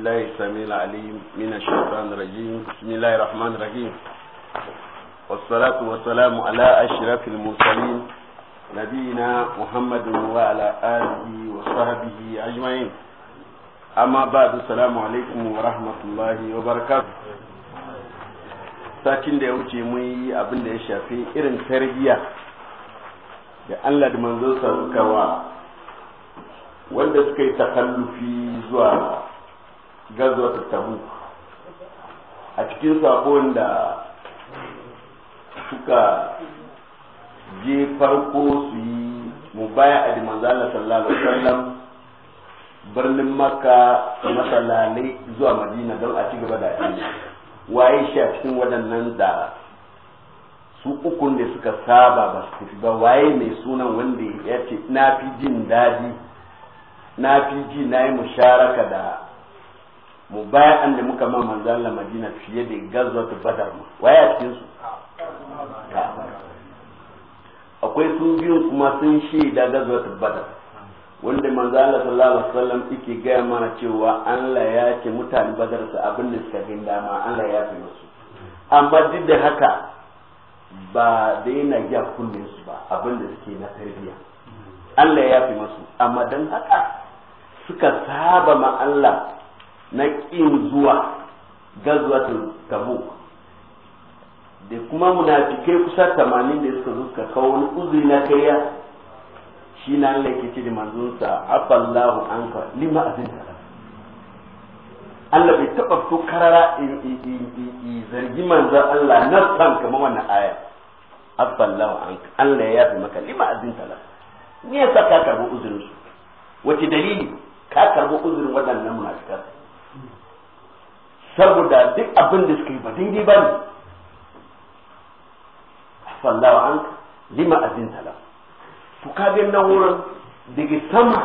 بالله السميع العليم من الشيطان الرجيم بسم الله الرحمن الرحيم والصلاة والسلام على أشرف المرسلين نبينا محمد وعلى آله وصحبه أجمعين أما بعد السلام عليكم ورحمة الله وبركاته sakin da ya wuce mun yi abin da ya shafi irin tarbiyya da Allah da manzon sa suka wa wanda suka yi takallufi zuwa gazuwar tabuk a cikin sakon da suka je farko su yi mubaya a dimanzala sallallahu alaihi wasallam birnin makka masalalai zuwa madina don a ci gaba da aiki waye shi a cikin waɗannan da su ukun da suka saba ba su tafi ba waye mai sunan wanda ya ce na fi jin daɗi na fi ji na yi musharaka da mu bayan da muka ma manzo Allah Madina fiye da ta Badar ma waya cikin su akwai sun biyu kuma sun shaida ta Badar wanda manzo Allah sallallahu alaihi wasallam yake gaya mana cewa Allah ya ce mutane Badar su abin da suka gin dama Allah ya fi musu amma duk da haka ba daina ya kunne su ba abin da suke na tarbiyya Allah ya fi musu amma dan haka suka saba ma Allah na ƙin zuwa gazuwatun tabuk da kuma munafikai kusa tamanin da suka zo suka kawo wani uzuri na kariya shi na Allah yake ce da manzonsa afallahu anka lima azin Allah bai taɓa fito karara zargi manzon Allah na san kamar wannan aya afallahu anka Allah ya yafi maka lima azin ni ya sa ka karɓi uzurin su wace dalili ka karbi uzurin waɗannan munafikai saboda duk abin da suka yi ba daidai ba ne sallawa an lima azin tala to kage na wurin daga sama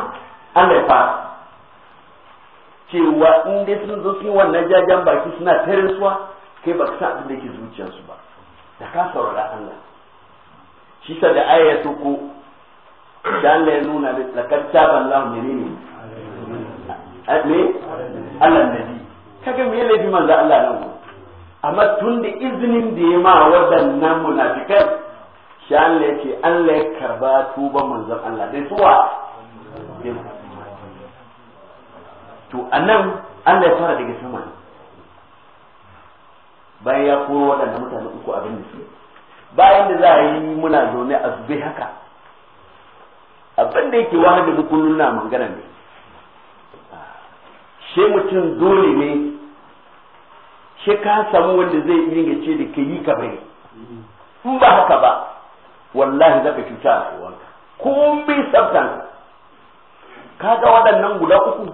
ana cewa in dai sun zo sun wannan jajan baki suna tarin suwa kai ba sa san abin da yake zuciyarsu ba da ka saurara Allah shi sa da aya ko dan Allah nuna da lakar taban lahu menene ne eh, Allah ne kaga me laifi manzo Allah nan ku amma tun da izinin da ya ma waɗannan munafikan shi Allah yake Allah ya karba tuba manzo Allah dai suwa to anan Allah ya fara daga sama bayan ya koro waɗannan mutane uku abin da su bayan da za a yi muna zaune a zube haka abin da yake wahar da mu kullun na magana ne she mutum dole ne ke ka samu wanda zai yi ga ce da ke yi ka in ba haka ba wallahi zaka cuta a rayuwarka kun bi ka ga waɗannan guda uku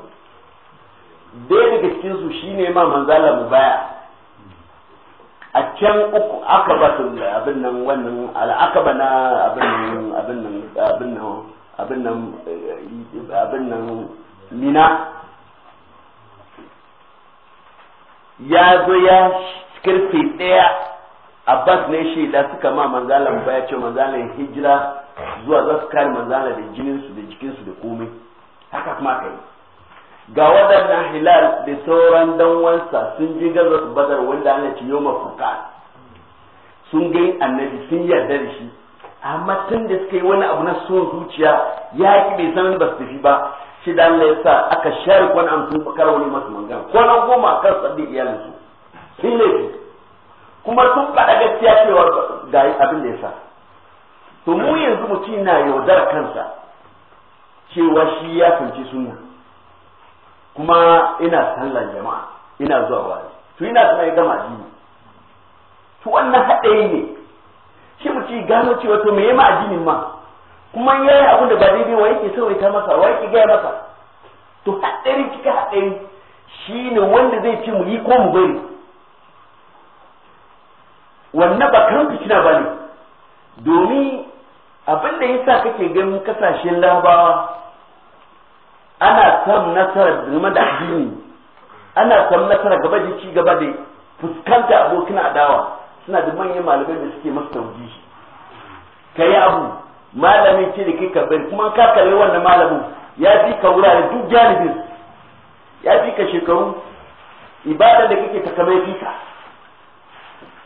ɗaya daga cikin su shine ma manzala mu baya a can uku aka ba su abin nan wannan al'akaba na abin nan abin nan abin nan abin nan eh, mina ya zo ya karfe daya abbas ne shaida suka ma manzalan ya ce manzalan hijira zuwa za su kare manzala da jininsu da jikinsu da komai haka kuma kai ga waɗannan hilal da sauran danwansa sun ji gaza su badar wanda ana ce yau mafuka sun gani annabi sun yarda da shi amma tun da suka yi wani abu na son zuciya ya ki bai san ba su tafi ba shi da Allah ya sa aka share kwan an tuba wani masu mangana kwanan goma kan sabbin iyalinsu sun laifi kuma sun faɗa gaskiya cewa ga abin da ya sa to mu yanzu mutum na yaudar kansa cewa shi ya fanci sunna kuma ina sallan jama'a ina zuwa wani to ina kuma ya gama jini. to wannan haɗari ne shi mutum gano cewa to me ya ma jinin ma kuma ya yi abin da ba daidai wa yake so ta masa wa yake gaya masa to haɗari cika haɗari shi ne wanda zai ce mu yi ko mu bari wannan ba kan fitina ba ne domin abin da yasa kake ganin kasashen labawa ana samun nasara zama da addini ana samun nasara gaba da ci gaba da fuskanta abokin adawa suna da manyan malamai da suke masu tauji ka yi abu malamin ce da kai ka bari kuma ka kalli wannan malamin ya fi ka wurare duk jalibin ya fi ka shekaru ibada da kake takamai fi ka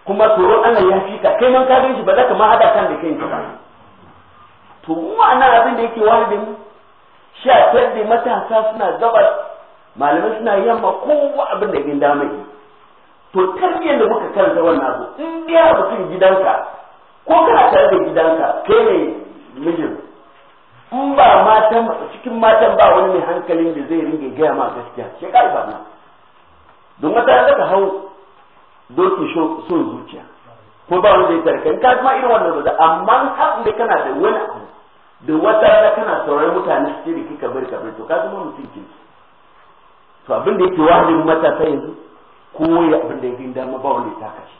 kuma tsoron ana ya fi ka kai man ka gani shi ba za ka ma hada kan da kai ka to mu wannan abin da yake wani da mu sha da matasa suna gabas malamai suna yamma kowa abin da gin dama to tarbiyyar da muka karanta wannan abu in dai mutum gidanka ko kana tare da gidanka kai ne mijin in ba matan cikin matan ba wani mai hankalin da zai ringe gaya ma gaskiya shi ka ba na don wata zaka hau doki son zuciya ko ba wani zai tarka in ka kuma irin wannan ba amma har da kana da wani abu da wata rana kana saurayi mutane su ce da kika bari ka to ka zama mutum ke to abin da yake wahalin matasa yanzu ko ya abin da yake dama ba wani ya taka shi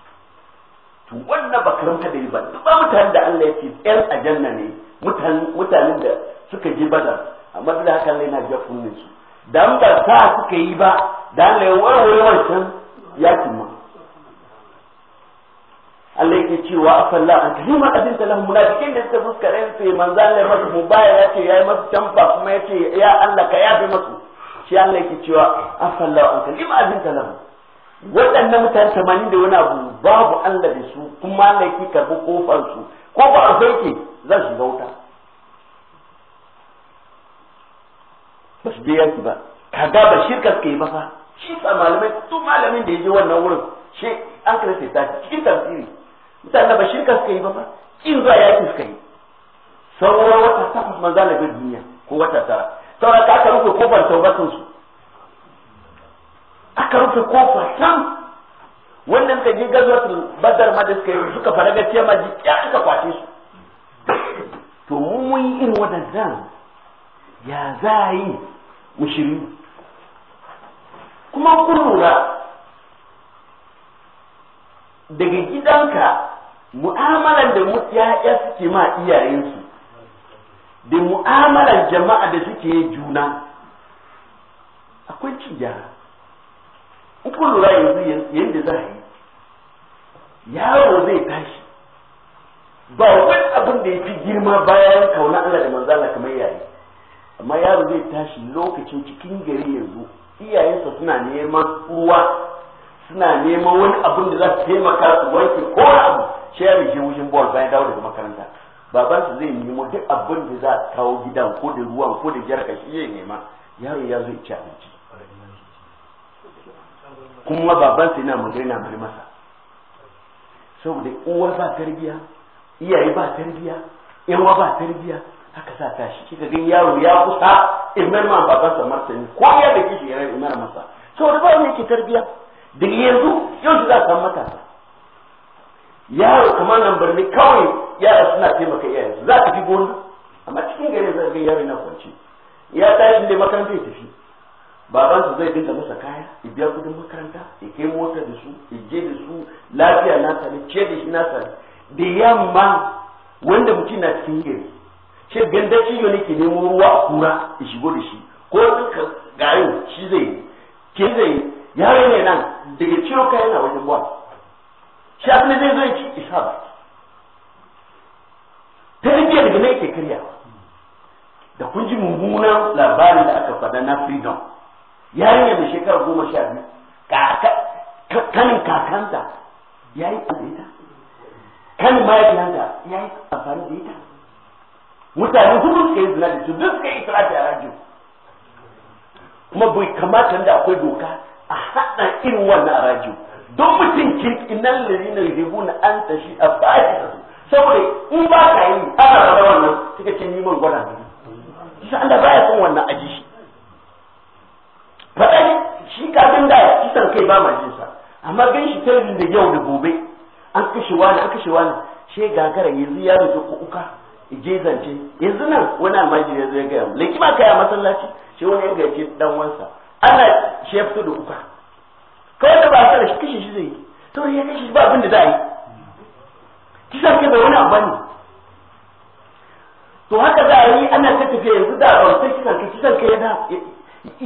to wannan bakaranta da yi ba duk ba mutanen da Allah ya ce yan ajanna ne mutanen da suka je bada amma duk da haka Allah yana ja kunnen su dan ba sa suka yi ba da Allah ya warware wancan ya kuma Allah yake cewa afalla an ma abin ta lahum munafikin da suka fuskare su manzo Allah ya masa mubaya ya yi masa tamba kuma ce ya Allah ka yafe masu shi Allah yake cewa afalla an ma abin ta lahum waɗannan mutane tamanin da wani abu babu Allah da su kuma Allah yake karɓi kofar su ko ba a sauke za shiga wuta ba su biya ki ba kaga ba shirka suke yi ba fa shi sa malamai tun malamin da ya je wannan wurin shi an kira sai ta cikin tafsiri mutane ba shirka suka yi ba fa kin zuwa yaki suka yi sauran wata takwas manza na bin duniya ko wata tara sauran ka aka rufe kofar taubatun su aka rufe kofa can wannan ka je gazuwatul badar ma da suka yi suka fara gaciya ma ji ya aka kwace su to mu mun yi irin waɗannan ya za a yi mu kuma kun lura daga gidanka mu'amalan da ya suke ma iyayensu da mu'amalan jama'a da suke juna akwai cin gyara in kun yanzu yadda za a yi yaro zai tashi ba wani abin da ya fi girma bayan kauna Allah da manzala kamar yayi amma yaro zai tashi lokacin cikin gari yanzu iyayensa suna neman ruwa suna neman wani abin da za su taimaka su wanke ko abu shi ya rige wujin bol bayan dawo daga makaranta babansa zai nemo duk abin da za a kawo gidan ko da ruwan ko da jarka shi ya nema yaro ya zo ci abinci kuma babansa yana magana bari masa saboda uwa ba tarbiyya iyaye ba tarbiya yawa ba tarbiya haka sa tashi kika ga yaro ya kusa imar ma baban sa martani ko ya da kishi yana imar masa saboda ba wani yake tarbiya daga yanzu yau za ka matasa yaro kamar nan birni kawai yara suna taimaka su za ka fi gona amma cikin gari za ga yaro na kwanci ya tashi da makaranta ya tafi baban zai dinga masa kaya ya biya kudin makaranta ya kai mota da su ya je da su lafiya na sani ce da shi na sani da yamma wanda mutum na cikin gari shi ganda shi ne ke nemo ruwa a kura ya shigo da shi ko ka gayo shi zai ke zai yaro ne nan daga ciro kayan yana wajen buwa shi abin zai zo ya ci isa ba tarbiyya daga nan yake karya. da kun ji mummunan labarin da aka faɗa na freedom yarinya mai shekara goma sha biyu kanin kakanta ya yi ita kan da ya yi amfani da ita mutane hudu suka yi zina da su duk suka yi israfi a rajo kuma bai kamata da akwai doka a haɗa irin wannan a don mutum kin inan lalina ribu na an tashi a bayan su saboda in ba ka yi ana rana wannan suka ce ni man gwada ne kisa ba baya san wannan aji shi faɗa shi kafin da kisan kai ba ma amma gan shi talabin da yau da gobe an kashe wani an kashe wani she gagara yanzu ya rufe kuka je zance yanzu nan wani almajiri ya zo ya gaya mu leki ba a masallaci she wani ya gaya dan wansa ana she fito da kuka kawai da ba sa shi kashe shi zai to ya kashe ba abin da za a yi kisan ke bai wani abu ne. to haka za a yi ana ta tafiya yanzu da ba sai kisan ki san kai ya da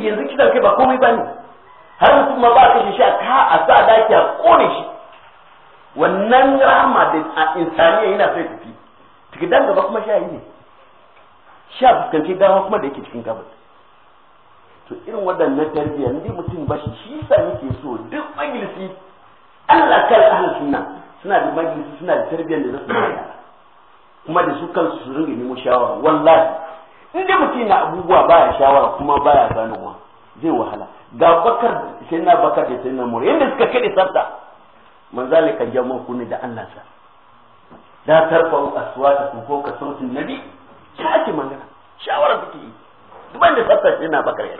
yanzu kisan kai ba komai bane har mutum ma ba kashe shi a ka a sa daki a kone shi wannan rahama da insaniya yana sai tafi dan gaba kuma sha yi ne sha fuskanci dama kuma da yake cikin gabas to irin waɗannan tarbiyya ne mutum ba shi shi sa nake so duk majalisi Allah kai ahlus sunna suna da majalisi suna da tarbiyyar da za su yi kuma da su kansu su ringa nemo shawara wallahi in da mutum na abubuwa baya shawara kuma baya ganowa zai wahala ga bakar sai na bakar da sai na mura yadda suka kaɗe sarta manzali kan jama ku ne da Allah sa da tarfa'u aswata ku ko ka sautin nabi shaci magana shawara kuke yi duban da tsafta yana bakar ya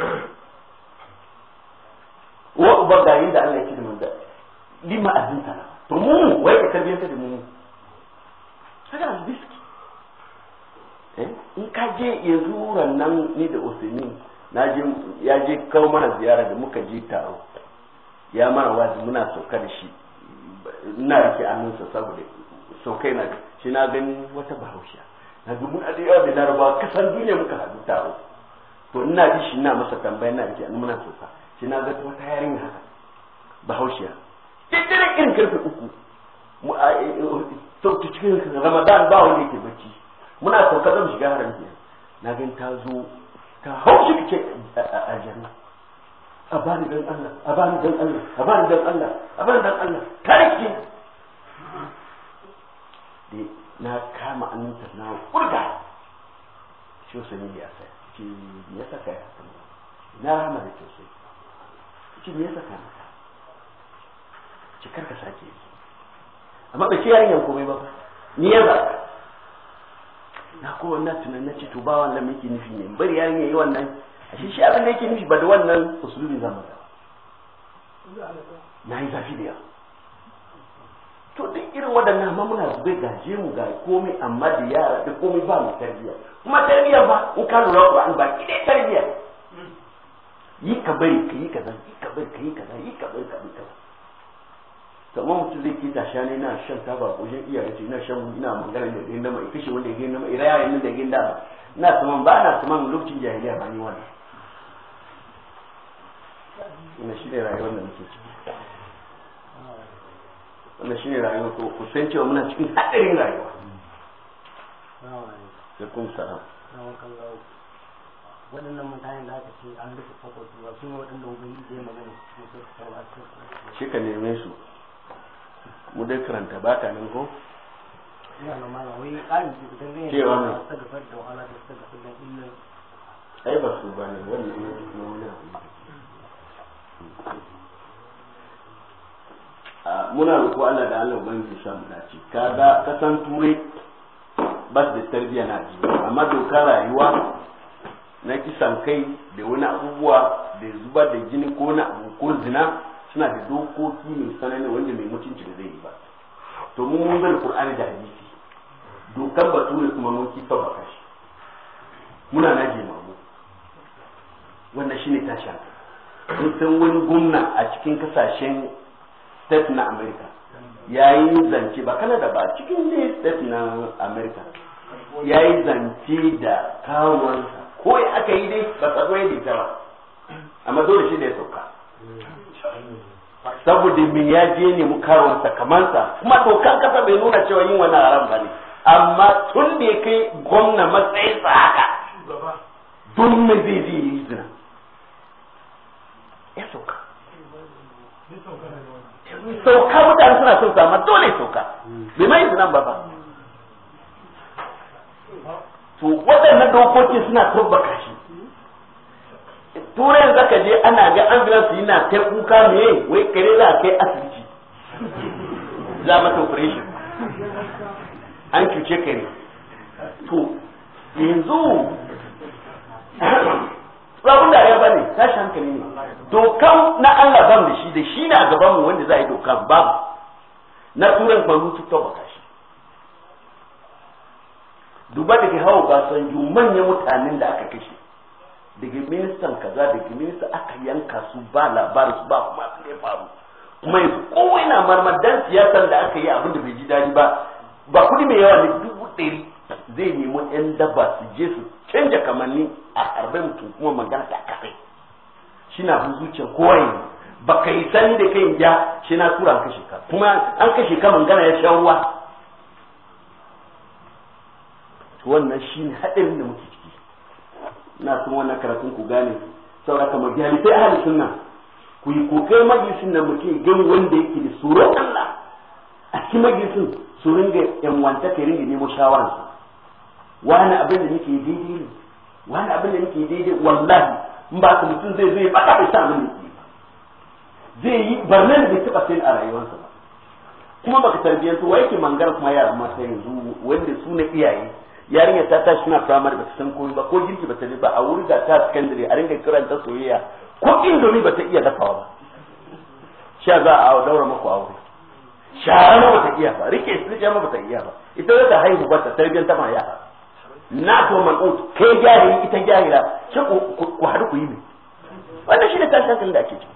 wa ba ga yin da Allah ya ci da manzo lima azinta na to mu wai ka tarbiyyar da mu haka da biski eh in ka je yanzu nan ni da usaimin na je ya je kawo mana ziyara da muka ji taro ya mara wazi muna sauka da shi ina rike aminsa saboda sau kai na shi na gani wata bahaushiya na zubu a da yawa da laraba kasan duniya muka haɗu taro to ina ji shi ina masa tambaya ina rike annuna sosa shi na ga wata yarinya haka bahaushiya daddare irin karfe uku eh, eh, to cikin ramadan ba wanda yake bacci muna sauka zan shiga haram na gani ta zo ta haushi da a jami'a a bani dan Allah a bani dan Allah a bani dan Allah a bani dan Allah karki dai na kama annunta na kurga shi sani ya sai ki ya saka ya na rama da ke sai ki ya saka maka ki karka sake amma ba ki yayin komai ba ni ya ba na ko wannan tunanin na ce to ba wannan muke nufi ne bari yayin yayi wannan shi shi abin da yake nufi ba da wannan usulubi zan maka na yi zafi da yawa to duk irin waɗanda amma muna zubai ga mu ga komai amma da yara da komai ba mai tarbiyya kuma tarbiyya ba in ka lura an ba ki dai tarbiyya yi ka bari ka yi kaza yi ka bari ka yi kaza yi ka bari ka bi kaza to amma mutum zai kita sha ne na shan taba ko shan iyaye ce ina shan ina magana da gain nama kashe wanda ya gain nama da gain dama ina saman ba na saman lokacin jahiliya ba ni wannan wannan ne rayuwar da muke ciki shi ne rayuwar ko ku cikin haɗarin rayuwa sai kun sa'a waɗannan mutane da aka ce an rufe fakwatu ba su ne waɗanda ya magana shi ka neme su mu dai karanta ba ka nan ko ina ba su ba ne wani ne na wani abu muna roƙo Allah da Allah ubangiji sa mu dace ka kasan turai bas da tarbiyya na ji amma doka rayuwa na kisan kai da wani abubuwa da zubar da jini ko na ko zina suna da dokoki mai sanani wanda mai mutunci da zai yi ba to mun mun zan qur'ani da hadisi dokan bature kuma mun kifa ba kashi muna naje mamu wannan shine tashi in sun wani gumna a cikin kasashen state na america ya yi zance ba kanada ba cikin ne state na america ya yi zance da kawansa ko ya aka yi dai ba tsaro ya dita ba amma dole shi da ya sauka saboda min ya je ne mu kawansa kamansa kuma dokan kasa bai nuna cewa yin wani haram ba ne amma tun da ya kai gwamna matsayinsa haka don me zai yi zina ya sauka sauka mutane suna son sama dole sauka bai mai yanzu nan ba ba to waɗannan dokoki suna tabbaka shi turai zaka je ana ga ambulance yana ta kuka meye wai kare za kai asibiti za mata operation an cuce kare to yanzu abin da ya bane tashi hankali ne dokan na Allah ban da shi da shi na gaban mu wanda za a yi dokan babu na turan kwanu ta shi duba da ke hawa ba san ju manyan mutanen da aka kashe daga ministan kaza daga Ministan aka yanka su ba labarin su ba kuma su ne faru kuma yanzu kowai na marmar dan siyasar da aka yi abin da bai ji daji ba ba kuɗi mai yawa ne dubu ɗari zai nemi 'yan daba su je su canja kamanni a harbe mutum kuma magana ta kasai Kina na bu zuciya kowa yi ba ka yi sani da kai ja shi na tura an kashe ka kuma an kashe ka mangana ya sha ruwa wannan shi ne haɗarin da muke ciki na sun wannan karatun ku gane sauraka sai ahli sunna ku yi kokarin majalisin da muke gani wanda yake da tsoron Allah a cikin majalisin su ringa yan wanta ka ringa nemo shawara wani abin da nake daidai ne wani abin da nake daidai wallahi in ba mutum zai zai baka bai sa abin zai yi barnan da taba sai a rayuwarsa ba kuma baka tarbiyyar su wai ke mangara kuma yaran mata yanzu wanda su na iyaye yarinya ta tashi na primary ba ta san koyi ba ko girki ba ta ba a wuri da ta secondary a ringa ta soyayya ko indomi ba ta iya dafawa ba sha za a daura maku aure shara ba ta iya ba rike su ma ba ta iya ba ita da haihu ba ta tarbiyyar ta ma yara na to mal'ut kai jahili ita jahila ce ku haɗu ku yi ne wannan shi ne tashin hankali da ake ciki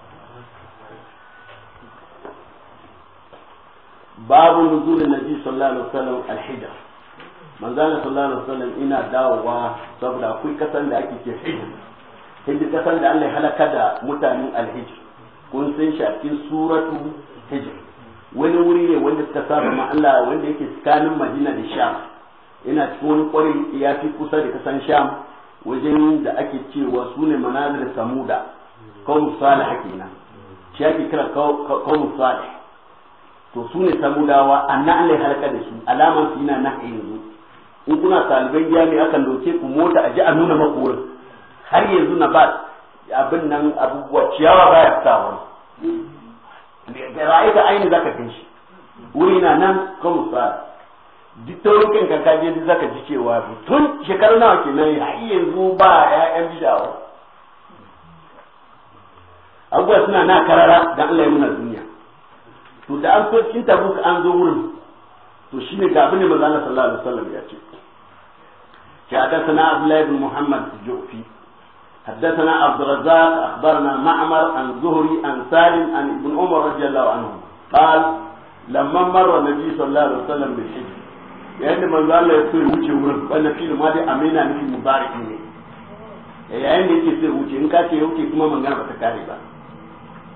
babu nuzulin nabi sallallahu alaihi wasallam alhijr manzana sallallahu alaihi wasallam ina dawowa saboda akwai kasan da ake ke hijr hijr kasan da Allah ya halaka da mutanen alhijr kun san shafin suratu hijr wani wuri ne wanda suka saba ma Allah wanda yake tsakanin Madina da Sham yana cikin wani kwarin ya fi kusa da kasan sham wajen da ake cewa su ne manazir samuda kawun salih kenan shi ake kira kawun salih to su ne samudawa a na'alai halka da su alaman su yana nahi yanzu in kuna taliban jami'a akan doce ku mota a ji a nuna makorin har yanzu na ba abin nan abubuwa ciyawa baya fita wani da ra'ayi da aini zaka kai shi wuri na nan kawun salih duk taurukan kan kaje duk zaka ji cewa tun shekaru nawa ke nan ya har yanzu ba ƴaƴan bidawa abubuwa suna na karara da Allah ya muna duniya to da an so cikin tabuk an zo wurin to shine ga gafi ne manzo Allah sallallahu alaihi wasallam ya ce a hadathana Abdullah ibn Muhammad Jufi حدثنا عبد الرزاق اخبرنا معمر عن an عن an عن ابن عمر رضي الله عنه قال لما مر النبي صلى الله عليه وسلم بالحجر yayin da manzo Allah ya so ya wuce wurin wannan filin ma dai amina ne mubarak ne eh, yayin da yake so ya wuce in ka ce ya wuce kuma magana ba ta kare ba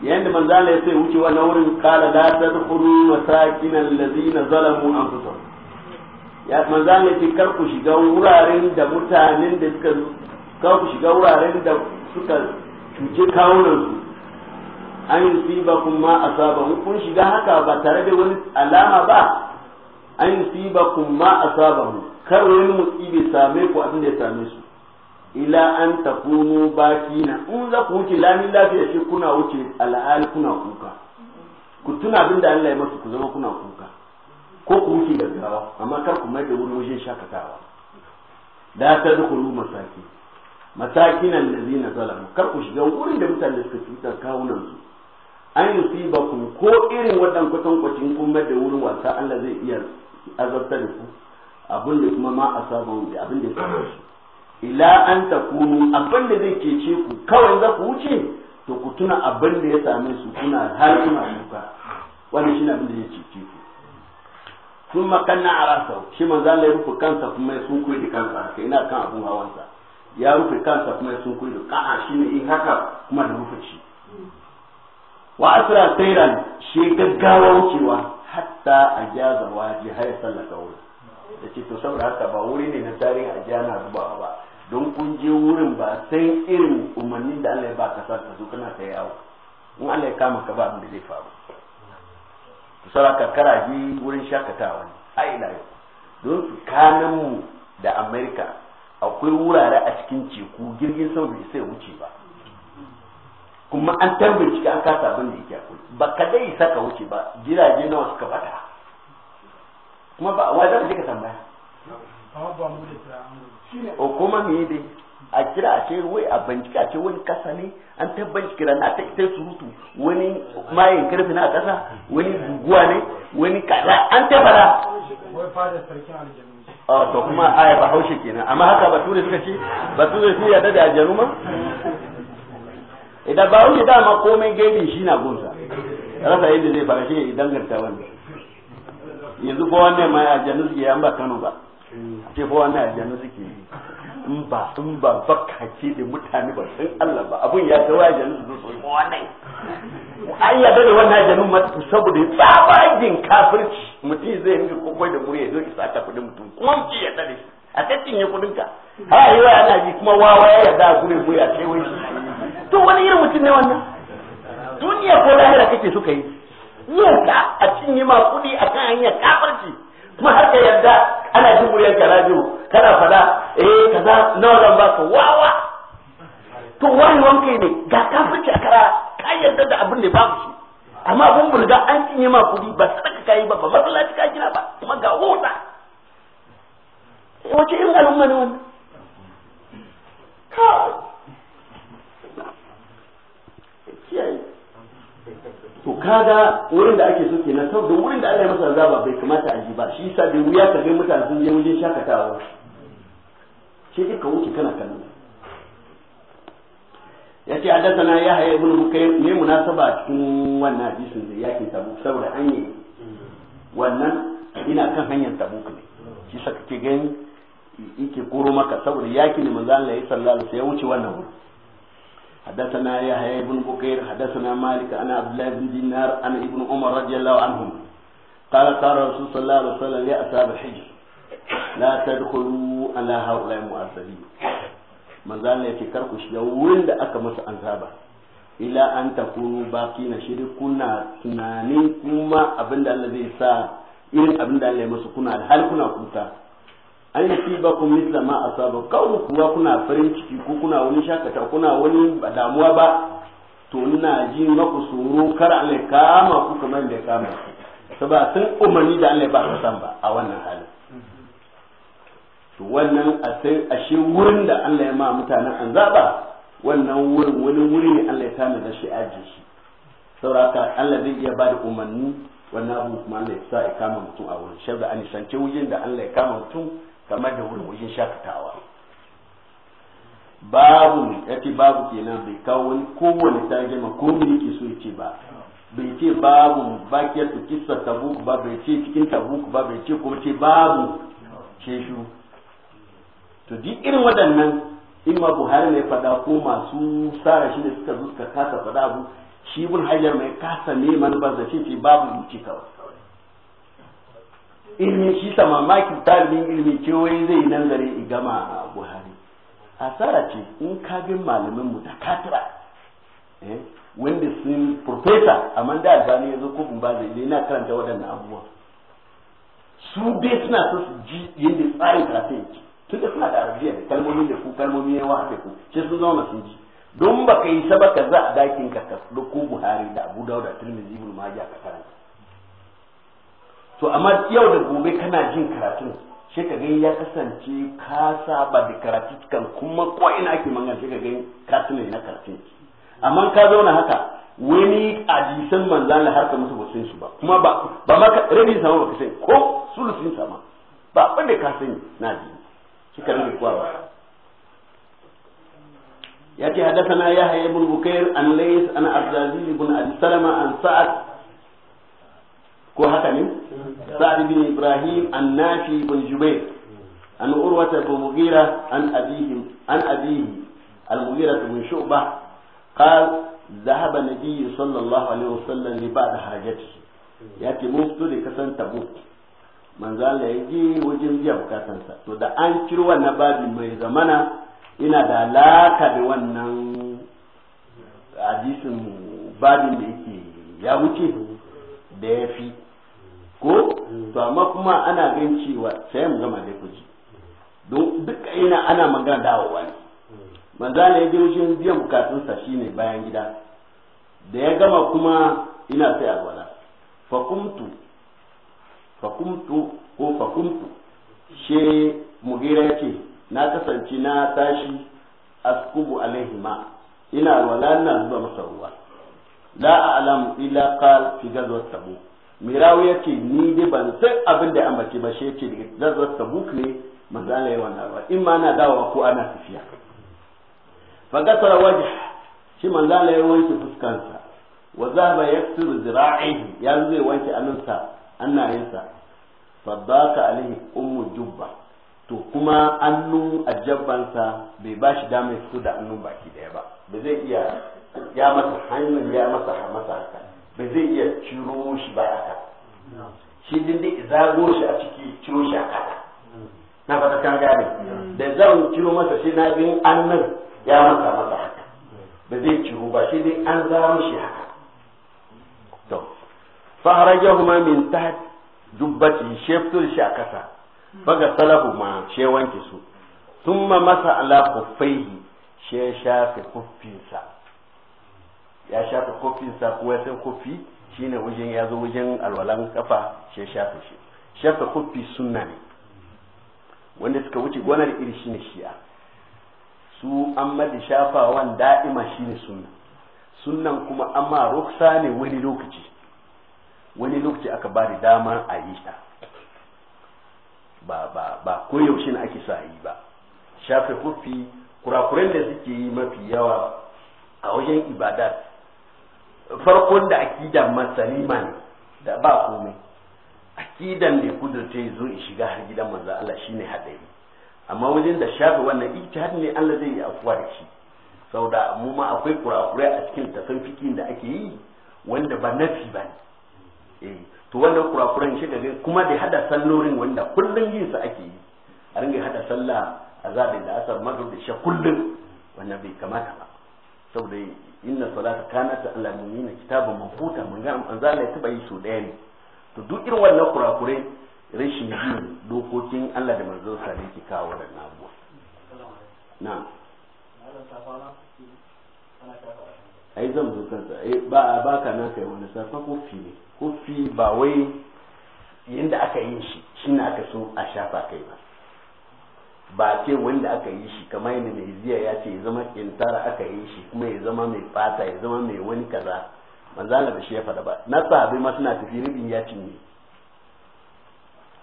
yayin da manzo Allah ya so ya wuce wannan wurin qala la tadkhulu masakin allazina zalamu anfusahum ya manzo Allah ya ce kar ku shiga wuraren da mutanen da suka kar ku shiga wuraren da suka cuce kawunan su an yusibakum ma asaba kun shiga haka ba tare da wani alama ba an kuma ma mu kar wani musibe same ku abin da ya same su ila an takunu bakina in za ku wuce lamin lafiya shi kuna wuce al'al kuna kuka ku tuna abin da Allah ya masu ku zama kuna kuka ko ku wuce gaggawa amma kar ku mai da wuri wajen shakatawa da ta dukulu masaki zai na zalamu kar ku shiga wurin da mutane suka cuta kawunan su an yusibakum ko irin waɗanda kwatankwacin kuma da wurin wasa Allah zai iya azabtar da ku abin da kuma ma a sabon da abin da ya su ila an ta kunu abin da zai ce ku kawai za ku wuce to ku tuna abin da ya same su kuna har kuna kuka wannan shi ne abin da ce ce ku sun makanna a rasa shi manzo Allah ya rufe kansa kuma ya sunkuri da kansa haka ina kan abin hawansa ya rufe kansa kuma ya sunkuri da ka'a shi ne in haka kuma da rufe shi wa asira tairan shi gaggawa wucewa hatta a jaza waji har sallaka wuri da ce to saboda haka ba wuri ne na tarihi a jiya na ba don kun je wurin ba sai irin umarnin da Allah ya ba ka sa zo kana ta yawo in Allah ya kama ka ba abin da zai faru to saboda karaji wurin shakatawa ne a ila yau don tsakanin mu da America akwai wurare a cikin ceku jirgin sama bai ya wuce ba kuma an tambaye an kasa abin da yake akwai ba ka dai isa ka wuce ba gidaje nawa suka bata kuma ba wa zan je ka tambaya o kuma me dai a kira a ce wai a a ce wani kasa ne an ta bincika na ta ita surutu wani mayin karfi na kasa wani guguwa ne wani kaza an ta fara wai fada sarkin aljanu to kuma aya ba haushe kenan amma haka bature suka ce bature su yarda da aljanu ma idan ba da dama komai gaibin shi na gunsa rasa yadda zai fara shi ya danganta wanda yanzu ko wannan ma ya janu suke an ba Kano ba ce ko ya janu suke in ba sun ba bakkace da mutane ba sun Allah ba abun ya tawa janu su so ko wannan an yarda da wannan janu ma saboda tsabagin kafirci mutum zai yi kokoi da muri ya zo ki saka kudin mutum kuma ki ya da a tattin ya kudin ka ha yi wa ana ji kuma wawa ya yarda a gure buya sai wai to wani irin mutum ne wannan duniya ko lahira kake suka yi ka a cinye ma kuɗi a kan hanyar kafarci kuma har ka yarda ana jin muryar ka radio kana fada eh kaza nawa zan ka wawa to wani wanke ne ga kafarci a kara ka yarda da abin da babu shi amma abin burga an cinye ma kuɗi ba sadaka ka yi ba ba masallaci ka gina ba kuma ga wota wace irin al'umma ne wannan kiyaye to kaga wurin da ake so sau saboda wurin da Allah ya masa azaba bai kamata a ji ba shi yasa da wuya ka ga mutane sun je wajen shakatawa ce ka wuce kana kallo ya ce hadasana ya haye ibn bukai ne munasaba cikin wannan hadisin da yake tabu saboda an yi wannan ina kan hanyar tabuk ne shi sa kake gani yake koro maka saboda yaki ne manzo Allah ya sallallahu alaihi wasallam ya wuce wannan wuri حدثنا يحيى بن بكير حدثنا مالك عن عبد الله بن دينار عن ابن عمر رضي الله عنهم قال قال رسول صلى الله عليه وسلم يا أصحاب الحجر لا تدخلوا على هؤلاء المؤذبين من ذا الذي كركو شجاوين دا أكا مسا أنزابا إلا أن تكونوا باقين شركنا تنانين كما أبن الله ذي سا إن أبن الله مسكونا الحال كنا كنتا an yusibakum misla ma sabon kawo kuwa kuna farin ciki ko kuna wani shakata kuna wani damuwa ba to ina ji maku tsoro kar an ya kama ku kamar da kama su ba sun umarni da Allah ba a san ba a wannan hali to wannan a sai ashe wurin da Allah ya ma mutanen an zaba wannan wurin wani wuri ne Allah ya tana da shi ajiye shi sauraka Allah zai iya ba da umarni wannan abu kuma Allah ya sa ya kama mutum a wurin da an shance wujen da Allah ya kama mutum kamar da wurin wajen shakatawa babu ya ce babu kenan bai kawo wani kowane ta jama ko me ke so ya ce ba bai ce babu bakiyar su kisa tabuk ba bai ce cikin tabuk ba bai ce kuma ce babu ce shu to duk irin waɗannan in ma buhari ne fada ko masu sara shi ne suka zuka kasa fada abu shi ibn hajar mai kasa ne ba zace ce babu ce kawai ilmi shi sa mamakin talibin ilmi ce wai zai nazari igama a buhari asara ce in ka bin malamin mu da katira eh, wanda sun profesa amma da alfani ya zo kofin ba zai na karanta waɗannan abubuwa su dai suna so su ji yadda tsarin karatu ce tun da suna da arabiya da kalmomin da ku kalmomi ya haka ku ce sun zama sun ji don ba ka yi sabaka za a dakin ka ka ko buhari da abu dauda tilmizi ibn majah ka karanta to amma yau da gobe kana jin karatun shi ka gani ya kasance ka saba da karatu kan kuma ko ina ake manga shi ka gani karatu ne na karatun amma ka zauna haka wani hadisan manzan la harka musu basin su ba kuma ba ba ma rabin sama ba kasai ko sulusin sama ba wanda da ka sani na ji shi ka rage kuwa ba ya ce na yahya ibn bukair an lays an abdulaziz ibn abi salama an sa'ad ko haka ne sa'ad bin ibrahim annafi bin jubair an urwata bin mughira an abihi an abihi al mughira bin shu'ba qal dhahaba nabi sallallahu alaihi wasallam li ba'd hajati ya mun da kasan tabu manzo Allah ya ji wajen biya bukatan to da an ciro wannan babi mai zamana ina da alaka da wannan hadisin mu da yake ya wuce da ya fi ko to amma kuma ana gan cewa sai mu gama dai kuji don duk ina ana magana dawowa ne manzo ne ya wajen biyan bukatun sa shine bayan gida da ya gama kuma ina sai agwala fakumtu fakumtu ko fakumtu she mugira yake na kasance na tashi askubu alaihima ina walanna na zuba masa ruwa la a'lam illa qal fi gazwat tabuk mirawo ya ce ni dai ban san abin da ambace ba shi ya ce daga tabuk ne wannan ba in ma na dawowa ko ana tafiya fa gasara shi manzo ya wanke fuskansa wa zaba yaksiru zira'ihi ya zai wanke anunsa annayensa fa daka alaihi ummu jubba to kuma annun ajabbansa bai bashi shi dama ya fito da annun baki daya ba ba zai iya ya masa hannun ya masa masa haka ba zai iya ciro shi ba haka shi din zago shi a ciki ciro shi a kasa na fata kan gane da zan ciro masa shi na bin nan ya maka masa haka ba zai ciro ba shi dai an zaro shi haka to fa ma min taht dubbati sheftul shi a kasa faga ma she wanke su thumma masa ala kufai she shafe sa. ya shafa kofinsa ko ya san kofi shine wajen ya zo wajen alwalan kafa shi ya shafa shi shafa kofi sunna ne wanda suka wuce gonar iri iri shine shi'a su amma da shafawan da'ima shine sunna sunnan kuma amma ruksa ne wani lokaci wani lokaci aka ba da dama a yi ta ba ba ba ko ake sa yi ba shafe kofi kurakuren da suke yi mafi yawa a wajen ibadat farkon da akidan masalima ne da ba komai akidan da ya zo ya shiga har gidan manzo Allah shine hadari amma wajen da shafi wannan ijtihad ne Allah zai yi afuwa da shi sauda mu ma akwai kurakurai a cikin tasan da ake yi wanda ba nafi ba ne eh to wannan kurakuran shi gaje kuma da hada sallorin wanda kullun yin sa ake yi a ringa hada sallah azabin da asar maghrib da sha kullun wannan bai kamata ba saboda inna salata kanat ala mu'minina kitaban mafuta mun ga manzala ya taba yi so ɗaya ne to duk irin wannan kurakure rashin jin dokokin Allah da manzon sa ne ke kawo da nabuwa na'am ai zan zo kansa ai ba ba ka na kai wani safa fi ne fi ba wai yanda aka yi shi shine aka so a shafa kai ba ba ce wanda aka yi shi kamar yadda mai ziya ya ce ya zama kintara aka yi shi kuma ya zama mai fata ya zama mai wani kaza manzo Allah ba shi ya faɗa ba na sahabi ma suna tafi ribin ya ne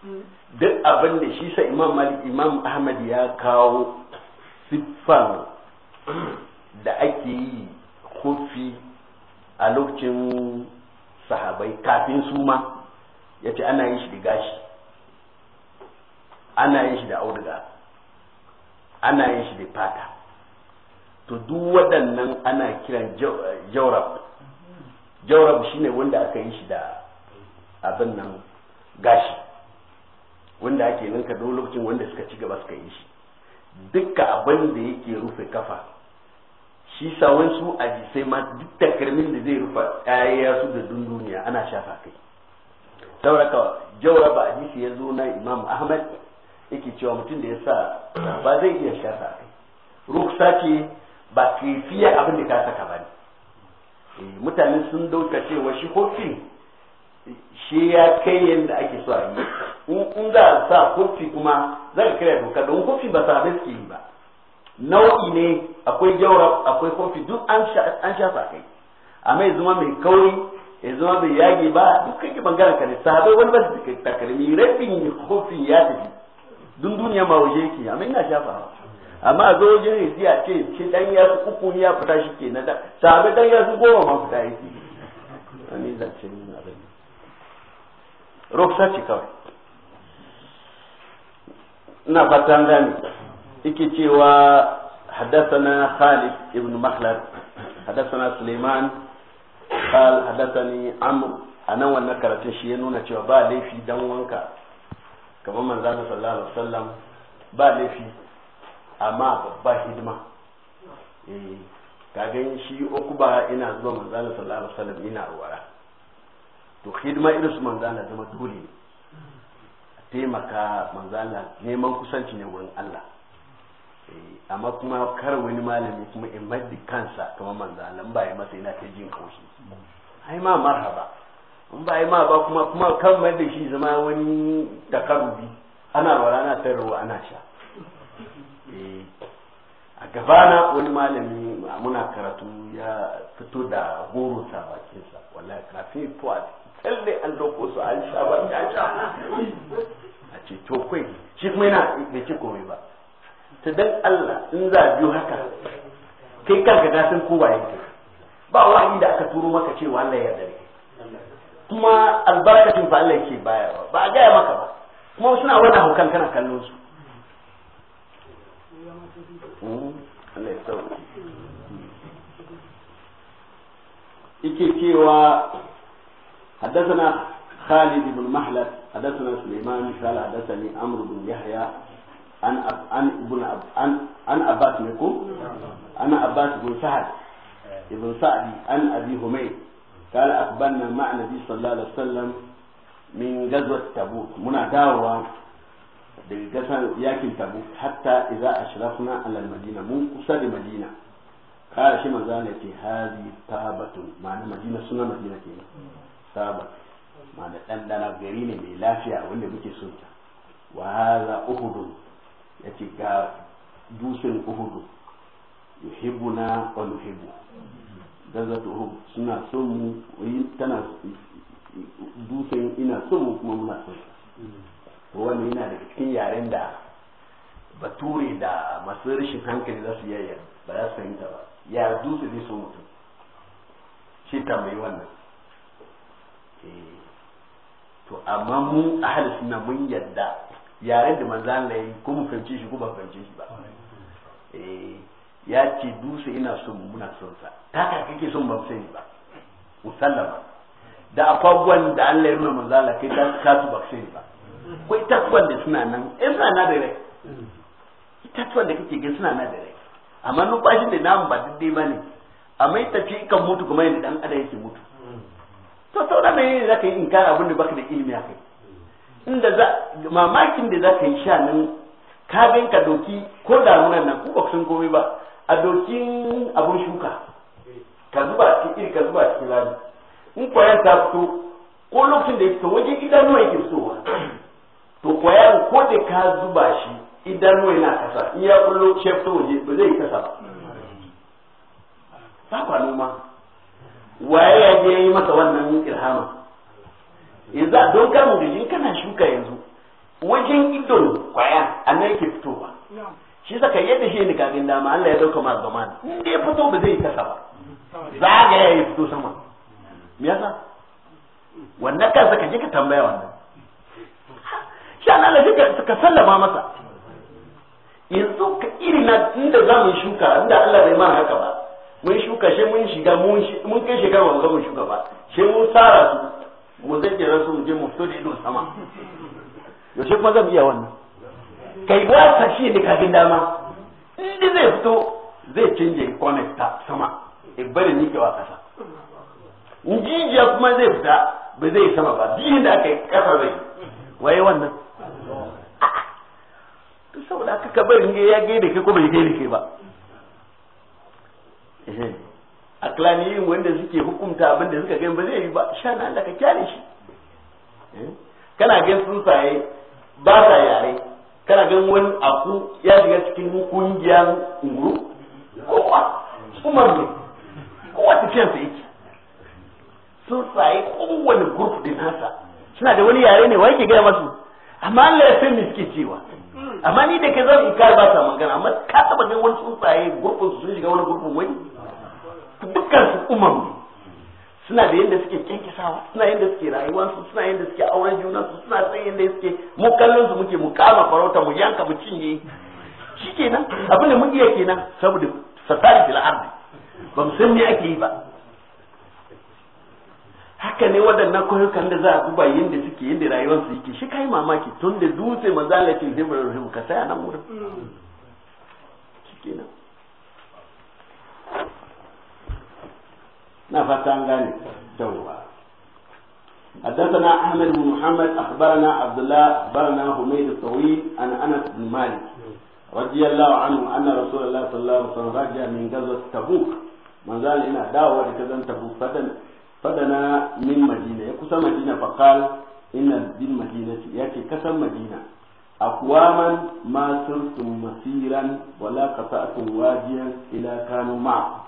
hmm. duk abin da shi sa imam malik imam ahmad ya kawo siffan da ake yi kofi a lokacin sahabai kafin su ma ya ce ana yin shi da gashi ana yin shi da auduga ana yin shi da fata to duk waɗannan ana kiran jaurab jaurab shine wanda aka yi shi da abin nan gashi wanda ake ninka don lokacin wanda suka ci gaba suka yi shi dukka abin da yake rufe kafa shi sa wasu sai ma duk takarmin da zai rufa ya su da dunduniya ana shafa kai saboda jauraba ajisi ya zo na imam ahmad yake cewa mutum da ya sa ba zai iya shiga sa kai ruksa ce ba kifiyar abin da ka saka ba ne eh, mutane sun dauka cewa shi hofin shi ya kai yadda ake so a yi in za a sa kofi kuma za ka kira doka don kofi ba sahabai suke yi ba nau'i ne akwai jaurab akwai kofi duk an shafa kai amma ya zama mai kauri ya zama mai yage ba duk kake bangaren ka ne sahabai wani ba su takalmi rabin kofin ya tafi dun duniya ma waje yake amma ina shafa amma a zo wajen yanzu a ce shi dan ya su uku ya fita shi ke na da sahabai dan ya su goma ma fita yake ani zance ni na rai rufsa ce kawai ina fatan gani yake cewa حدثنا خالد بن مخلد حدثنا سليمان قال حدثني عمرو anan wannan karatun shi ya nuna cewa ba laifi dan wanka kamar manzana sallallahu alaihi wasallam ba laifi amma babba hidima eh gani shi uku ba ina zuwa manzana sallallahu alaihi wasallam ina ruwara to hidima irin su manzana zama dole ne taimaka manzana neman kusanci ne wurin Allah eh, amma kuma kar wani malami kuma in maddi kansa kamar manzana ba ya masa ina ta jin kaushi ai ma marhaba in ba yi ma ba kuma kuma kan mai da shi zama wani takarubi ana bara ana sayarwa ana sha eh, a gabana wani malami muna karatu ya fito da goro sa bakinsa wallahi kafin to a tsalle an doko su an sha ba ya sha a ce to kai shi kuma yana bai ci komai ba ta dan Allah in za biyo haka kai kanka ga sun ba yake ba wani da aka turo maka cewa Allah ya dare kuma albarkacin fa Allah yake bayarwa ba a gaya maka ba kuma suna wannan haukan kana kallon su hmm, Allah ya sauke yake cewa حدثنا خالد بن مهلك حدثنا سليمان قال حدثني عمرو بن يحيى عن عن ابن عن عن عباس منكم عن عباس بن سعد ابن سعد عن ابي هميد قال أخبرنا مع النبي صلى الله عليه وسلم من غزوة تبوك منا داوة بالغزوة ياكل تبوك حتى إذا أشرفنا على المدينة من قصد مدينة قال شيء مزانة هذه تابة معنى مدينة سنة مدينة كينا تابة معنى أننا غريني بلافيا وإنه بكي سنة وهذا أهد يتي دوس أهد يحبنا ونحبه gazatuhum suna son mu yi tana dutsen ina son mu kuma muna son to wannan yana da cikin yaren da bature da masu rashin hankali za su yaya ba za su fahimta ba ya dutse zai son mutum shi tambayi wannan eh, to amma mu ahal suna mun yadda yaren da manzan da yi ko mu fahimci shi ko ba fahimci shi ba eh, ya ce dusa ina son muna son sa ta ka kake son ban sani ba musallama da akwagwan da Allah ya nuna manzala kai ka su ba sani ba ko kwan da suna nan in eh, suna na da rai kwan da kake ga suna na da rai amma numfashin da namu ba daidai ba ne amma ita ce kan mutu kuma yadda dan adam yake mutu to saura mai ne zaka yi inkara abin da baka da ilimi a kai inda za mamakin da zaka yi sha nan ka ganka doki ko damunan nan ku ba sun komai ba a dokin abun shuka ka zuba cikin iri ka zuba cikin rami in kwayan ta fito ko lokacin da ya fito wajen idanuwa yake fitowa to kwayan ko da ka zuba shi idanuwa yana kasa in ya kullo shi fito waje ba zai kasa ba ba kwa noma waye ya je yi masa wannan ilhama yanzu don kamun gajin kana shuka yanzu wajen idon kwaya a nan yake fitowa shi saka yadda shi ne kafin dama Allah ya dauka masu zaman in ya fito ba zai kasa ba za ga ya fito sama me yasa wannan kansa ka je ka tambaya wannan shi Allah ka ka sallama masa yanzu ka iri na inda za mu shuka inda Allah bai mana haka ba mun shuka shi mun shiga mun kai shekara ba mu ga mun shuka ba shi mun tsara su mu zai kira su mu je mu fito da ido sama yaushe kuma zan iya wannan kai wasa shi ne kafin dama inda zai fito zai canje kone ta sama bari ni ke kasa jijiya kuma zai fita ba zai sama ba bihin da aka yi kafa zai waye wannan saboda aka ka bari ne ya gaida kai ko bai gaida kai ba aklani yin wanda suke hukunta abinda da suka gani ba zai yi ba sha na Allah ka kyale shi eh? kana gan tsuntsaye ba sa yare kana gan wani aku ya shiga cikin kungiyar unguru kowa umar ne kowa tafiyar sa yake sun tsaye kowane group din nasa suna da wani yare ne wa yake gaya masu amma Allah ya san me suke cewa amma ni da ke zan ikar ba sa magana amma ka taba gan wani tsuntsaye gurfin su sun shiga wani group wai dukkan su umar ne suna da yadda suke kyankisawa suna yadda suke rayuwansu suna yadda suke auren junansu suna san yadda suke mu kallon su muke mu kama farauta mu yanka mu cinye shi kenan abin da muke kenan saboda fasari fil ardi ba mu san me ake yi ba haka ne waɗannan koyukan da za a duba yadda suke yadda rayuwansu yake shi kai mamaki tun da dutse mazalatin rahimu ka saya nan wurin shi kenan na fata an gane ta da ta dauba haddasa na ahmed muhammed akabar na abdullah akabar na humair da sauri anna da mali. rabi yallawa hannu ma ana rasu da lasallar da saro raja mai gazas ta buk ina dawo da ta zan ta buk min madina ya kusa madina faɗan ina min madinasi yake kasan madina akuwaman masu suna wala kasa a ila kanu mara.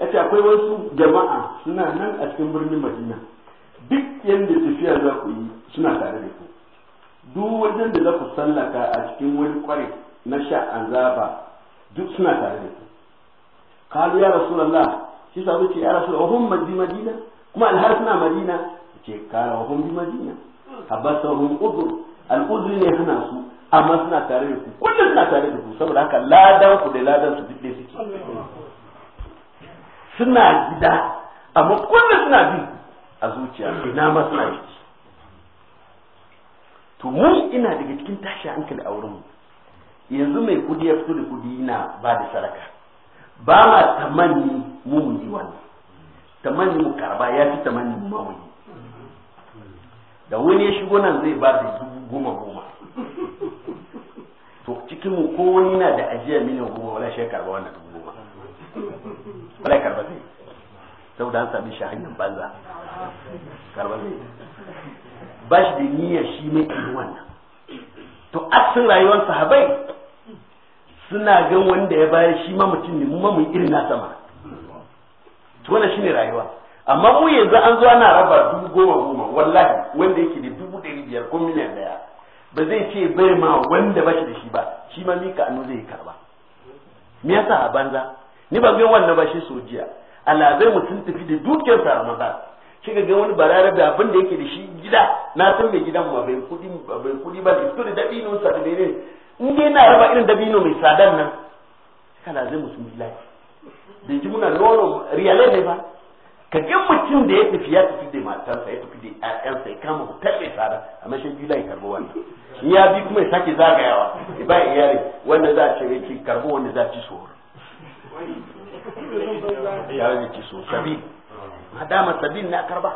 yace akwai wasu jama'a suna nan a cikin birnin madina duk yadda tafiya za ku yi suna tare da ku duk wajen da za ku sallaka a cikin wani kwari na sha azaba duk suna tare da ku kalu ya rasulullah shi sa ce ya rasulullah hum madi madina kuma alhar suna madina ce kara hum bi madina habasahum udur al-udur ne hana su amma suna tare da ku kullum suna tare da ku saboda haka ladan ku da ladan su duk da suke suna gida amma kullum suna bi a zuciya ina ma suna ciki to mu ina daga cikin tashi hankali a wurin yanzu mai kudi ya fito da kudi na ba da sadaka ba ma tamanni mu mu yi wani. tamanni mu karba ya fi tamanni mu ma wani da wani ya shigo nan zai ba da dubu goma goma to cikin mu ko wani na da ajiya miliyan goma wala shi karba wannan balai karba saboda an sami shi hanyar banza karba ba shi da niyyar shi mai irin wannan to asin rayuwar sahabai suna gan wanda ya bayar shi ma mutum ne mu ma irin na sama to wannan shine rayuwa amma mu yanzu an zo ana raba dubu goma goma wallahi wanda yake da dubu ɗari biyar ko miliyan daya ba zai ce bai ma wanda ba shi da shi ba shi ma mika annu zai karba me yasa a banza ni ban ga wannan ba shi sojiya Allah zai mutum tafi da dukiyar sa Ramadan shi ga wani barara da abin da yake da shi gida na san mai gidan ma bai kudi bai kudi ba to da dabino sa da ne in dai na raba irin dabino mai sadan nan kana zai mutum billahi da ji muna loro riyale ne ba ka ga mutum da ya tafi ya tafi da matarsa ya tafi da ƴaƴansa ya kama hotel mai tsada amma shi bila karbo wannan in ya bi kuma ya sake zagayawa ya ba iyali wanda za a ce ya ce karbo wanda za a ci tsoro ya yake so sabin hadama sabin na karba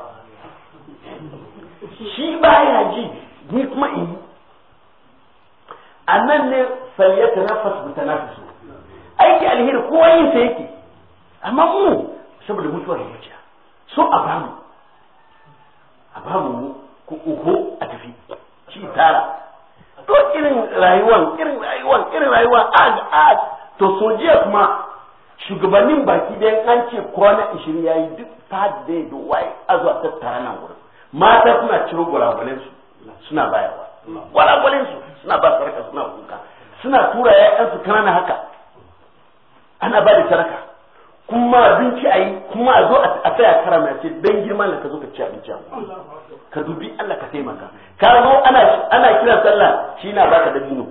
shi baya ji ni kuma in yi a nan ne fayyata nafas mutanafisu aiki alheri kowa yin sa yake amma mu saboda mutuwar ya wuce. so a bamu a bamu ku uho a tafi shi tara to irin rayuwan irin rayuwan irin rayuwa a a to sojiya kuma shugabannin baki ɗaya an ce kwana ishirin yi duk fadde da waye azuwa ta tara nan wurin mata suna ciro gwalagwalen su suna bayarwa gwalagwalen su suna ba sarka suna kuka suna tura ya su kanana haka ana ba da sarka kuma abinci a yi kuma a zo a tsaya kara mai ce don girman da ka zo ka ci abinci a ka dubi Allah ka taimaka ka zo ana ana kiran sallah shi na baka dabino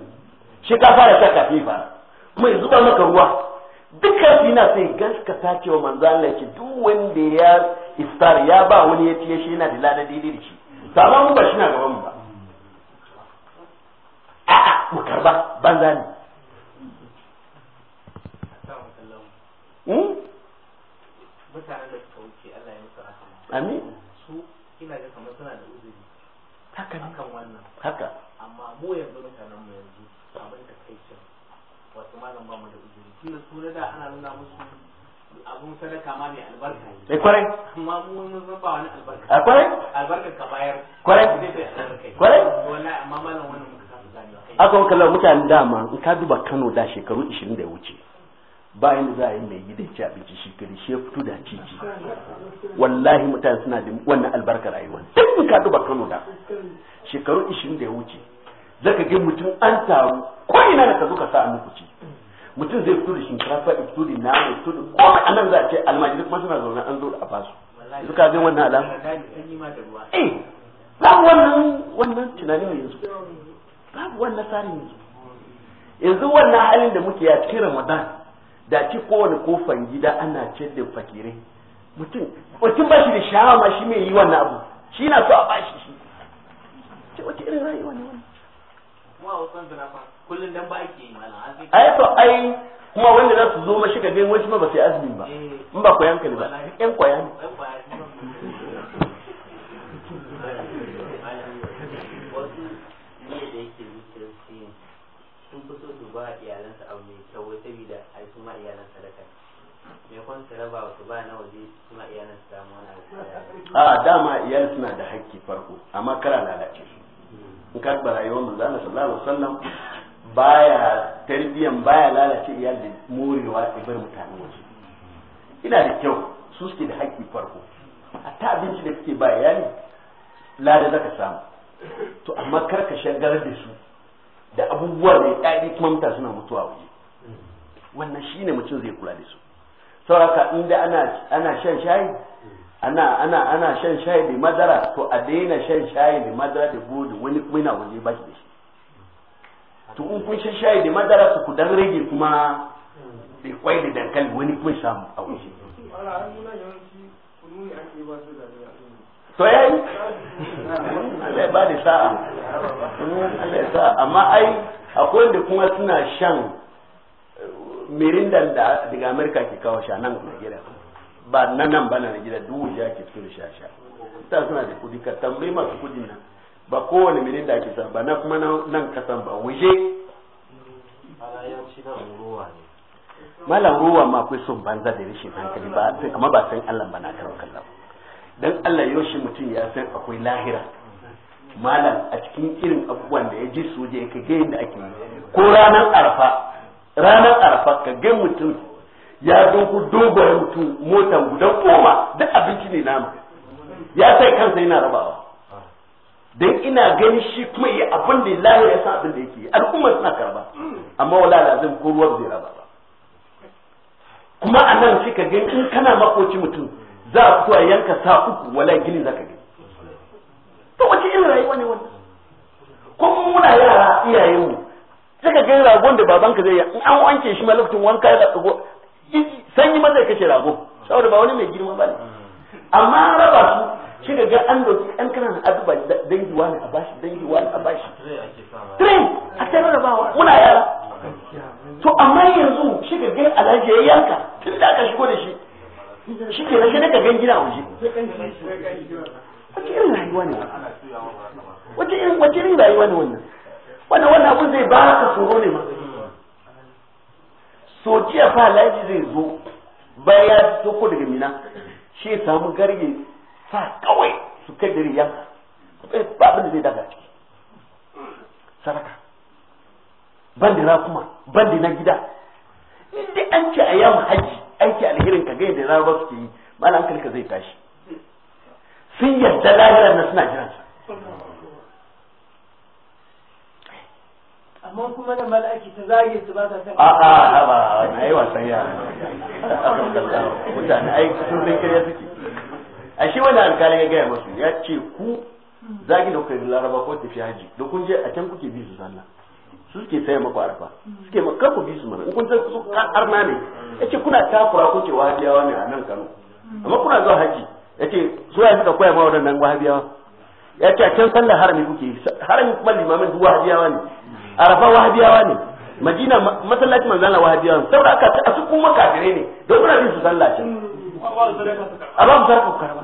shi ka fara sha kafin fara kuma ya zuba maka ruwa duka ina sai gaskata cewa manzo Allah yake duk wanda ya iftar ya ba wani ya ciye shi yana da lada daidai da shi sama mu ba shi na gaban mu ba a a mu karba banza ne hmm? mutanen da suka wuce Allah ya musu rahama amin su ina ga kamar suna da uzuri haka kan haka amma mu yanzu tunda su da ana nuna musu abun sadaka ma mai albarka ne. Eh, kwarai. Amma mu mun san ba wani albarka. Eh, kwarai. Albarka ka bayar. kwarai. Kwarai. Wallahi amma malam wannan muka samu ganewa. Aka muka lau mutane dama in ka duba Kano da shekaru 20 da ya wuce. bayan da za a yi mai gidan ci abinci shi kiri shi ya fito da cici wallahi mutane suna da wannan albarka rayuwa duk ka duba Kano da shekaru 20 da ya wuce zaka ga mutum an taru ko ina da ka zo ka sa muku kuci mutum zai fito da shinkafa ya fito da nama ya fito da a anan za a ce almajiri kuma suna zaune an zo da a basu yanzu ka wannan alama eh babu wannan wannan tunani mai yanzu babu wannan tsarin yanzu yanzu wannan halin da muke ya ci ramadan da ci kowane kofan gida ana ce da fakirai mutum mutum ba shi da shawa ma shi mai yi wannan abu shi na so a bashi shi ce wata irin rayuwa ne wannan kullum dan ba ake yi malam ai to ai kuma wanda za su zo shi ka gani wasu ba su yi azumi ba eh. in ba koyan kali ba yan koya ne ba iyalansa abu mai a dama iyal suna da hakki farko amma kara lalace in ka ba rayuwar manzana sallallahu alaihi wasallam baya tarbiyyan baya lalace iyalin da morewa ya bar mutane waje ina da kyau su suke da haƙƙi farko a ta abinci da suke ba iyali lada zaka samu to amma kar ka shagar da su da abubuwa mai daɗi kuma mutane suna mutuwa waje wannan shine mutum zai kula da su sauraka inda ana ana shan shayi ana ana ana shan shayi da madara to a daina shan shayi da madara da bodi wani kuma yana waje ba shi da shi to in kun shan shayi da madara su ku dan rage kuma bai kwai da dankali wani kun samu a wuce to yi? Allah ya ba da sa'a Allah ya sa'a amma ai akwai wanda kuma suna shan eh, mirindan da daga Amerika ke kawo sha nan gida. ba nan nan ba na gida duk wuja ke fito sha sha ta suna da kudi ka tambayi masu kudin nan ba kowane minin da ake sa ba na kuma nan kasan ba waje malam ruwa ma akwai son banza da rashin hankali ba sai amma ba san Allah ba na karon dan Allah yoshi mutum ya san akwai lahira malam a cikin irin abubuwan da ya ji su ka ga yadda ake ko ranar arfa ranar arfa ka ga mutum ya dogo dogon mutum motan gudan koma duk abinci ne nama ya sai kansa yana rabawa dan ina gani shi kuma yi abin da lahi ya sa abin da yake al'umma suna karba amma wala lazim ko ruwan zai raba ba kuma a nan shi ka gani in kana makoci mutum za ku fito a yanka sa uku wala gili za ka gani to wace irin rayuwa ne wannan ko muna yara iyayenmu sai ka gani ragon da babanka zai yi in an wanke shi ma lokacin wanka ya tsago sanyi ma zai kace rago saboda ba wani mai girma bane ne amma raba su shi ga an doki ɗan kanan azuba dangi wani a bashi dangi wani a bashi tren a kai rarrabawa muna yara to amma yanzu shi ga gan alhaji ya yanka tun da aka shigo da shi shi ke rashe daga gan gida waje wace irin rayuwa ne wace irin wace irin rayuwa ne wannan wannan wannan abun zai ba ka tsoro ne ma so jiya fa alhaji zai zo bayan ya ko daga mina shi ya samu garge sa kawai su kai gari yanka ba abin da zai daga ciki sadaka ban da kuma ban da na gida inda an ce a yawon haji aiki alherin ka gaya da ba su ke yi malam ka zai tashi sun yarda lahirar na suna jiransa amma kuma da mala'aki ta zage su ba ta san a a ba na yi wasan yara mutane aiki sun zai kirya suke a shi wani alkali ya gaya masu ya ce ku zagi da kuka yi laraba ko tafi haji da kun je a can kuke bi su sallah su suke saya maku arfa suke maka ku bi su mana kun san su arna ne ya ce kuna takura kuke wahabiyawa ne a nan kano amma kuna zuwa haji ya ce zuwa ya suka koya ma waɗannan wahabiyawa ya ce a can sallah harami kuke yi harami kuma limamin duk wahabiyawa ne arafa wahabiyawa ne madina masallaci manzana wahabiyawa ne saboda haka a su kuma kafire ne don kuna bi su sallah can a ba su sarrafa karama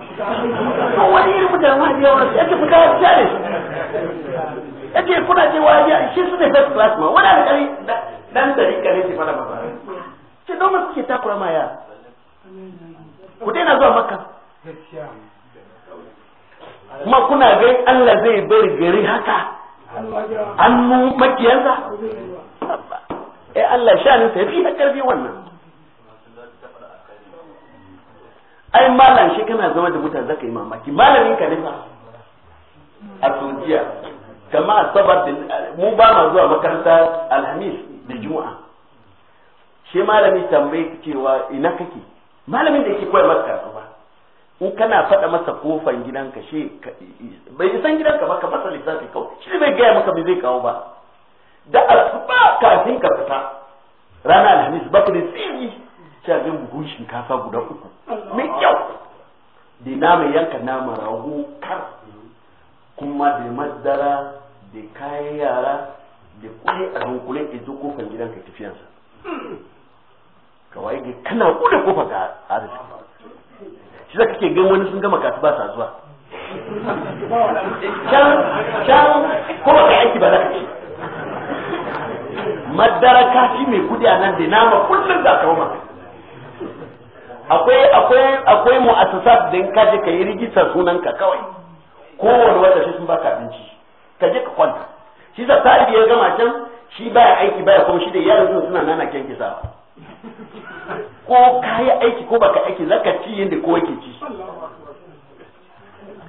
to wani irin mutane wani yawa su yake fita ya fita ne yake kuna ce wani shi su ne first class ma wani alƙali dan dari kare ce fara ba ce don masu ke takura ma ya ku daina zuwa makka kuma kuna ga Allah zai bari gari haka an mu makiyansa eh Allah sha ne sai fi karfi wannan ai malam shi kana zama da mutane zaka yi mamaki malamin ka ne fa a sojiya kama sabar da mu ba ma zuwa makaranta alhamis da juma'a shi malami tambaye cewa ina kake malamin da yake koyar maka karatu ba in kana faɗa masa kofan gidanka shi bai isan gidanka ba ka masa lissafi kawo shi bai gaya maka me zai kawo ba da asuba kafin ka fita ranar alhamis ba ku da tsiri sai abin buhun shinkafa guda uku mai kyau da nama yanka nama rago kar kuma da madara da kayan yara da kuli a dunkulen ya zo kofar gidan ka tafiyansa kawai ga kana kuda kofa ga arziki shi zaka ke gan wani sun gama kasu ba sa zuwa can can ko ba aiki ba za ka ci madara kafi mai kudi a nan da nama kullum za ka maka akwai akwai akwai mu'assasat din kaje ka yi sunan sunanka kawai wani wata shi sun baka abinci ka je ka kwanta shi sa talibi ya gama can shi baya aiki baya kuma shi da yaran suna nana kyan kisa ko ka yi aiki ko baka aiki zaka ci yadda kowa ke ci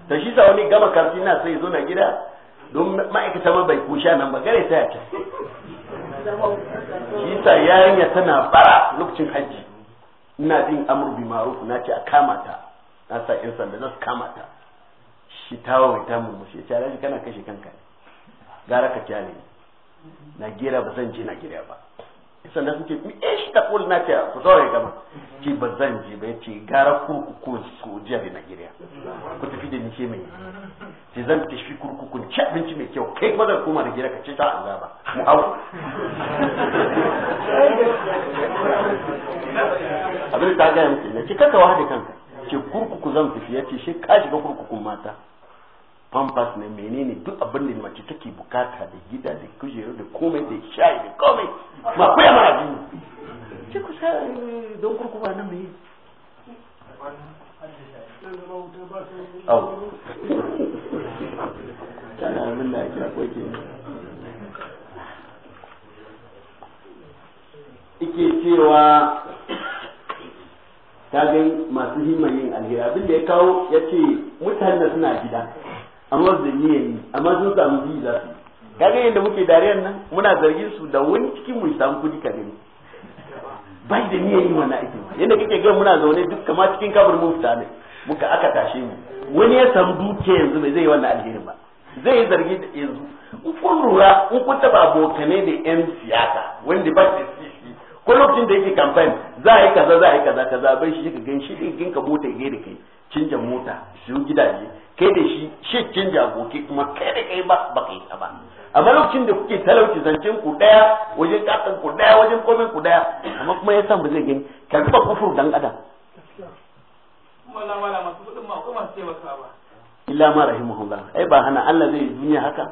da shi sa wani gama karfi na sai zo na gida don ma'aikata ma bai kusha nan ba gare ta ya ci shi sa yarinya tana bara lokacin hajji ina jin amur bi maruf na ce a kama ta na sa in sanda za su kama ta shi ta mun ta murmushi ya ce shi kana kashe kanka gara ka kyale na gira ba zan je gira ba sannan sun ce eh shi ta kula na ce ku ya gama ki ba zan je ba ce gara ku ko jiya da gira ku tafi da ni ke mai ce zan tafi kurkuku ci abinci mai kyau kai kuma zan koma da gira ka ce ta azaba mu hau abin ta gaya musu ne ki kaka kanka kurkuku zan tafi ya ce shi mata pampas ne menene duk abin da mace take bukata da gida da kujeru da komai da shayi da komai ma kuya mara biyu ce ku sa eh, don kurkuku nan Ike cewa ta ga masu himman yin alheri abin da ya kawo ya ce mutane suna gida amma da niyan yi amma sun samu ji za su ka ga yadda muke dariyar nan muna zargin su da wani cikin mu samu kudi ka gani bai da niyan yi wannan ake ma yadda kake ga muna zaune duk kama cikin kabar mu fita ne muka aka tashe mu wani ya samu dukiya yanzu bai zai yi wannan alherin ba zai yi zargi yanzu in kun lura in kun taba abokanai da yan siyasa wanda ba su ko lokacin da yake campaign za a yi kaza za a yi kaza kaza bai shi ka gan shi din ginka mota gai da kai canja mota su gidaje kai da shi shi canja goke kuma kai da kai ba ba kai ba amma lokacin da kuke talauci zancen ku daya wajen kafin ku daya wajen komin ku daya amma kuma ya san ba zai gani ka ba kufur dan adam wala ma ko masu taimakawa illa ma rahimahullah ai ba hana Allah zai duniya haka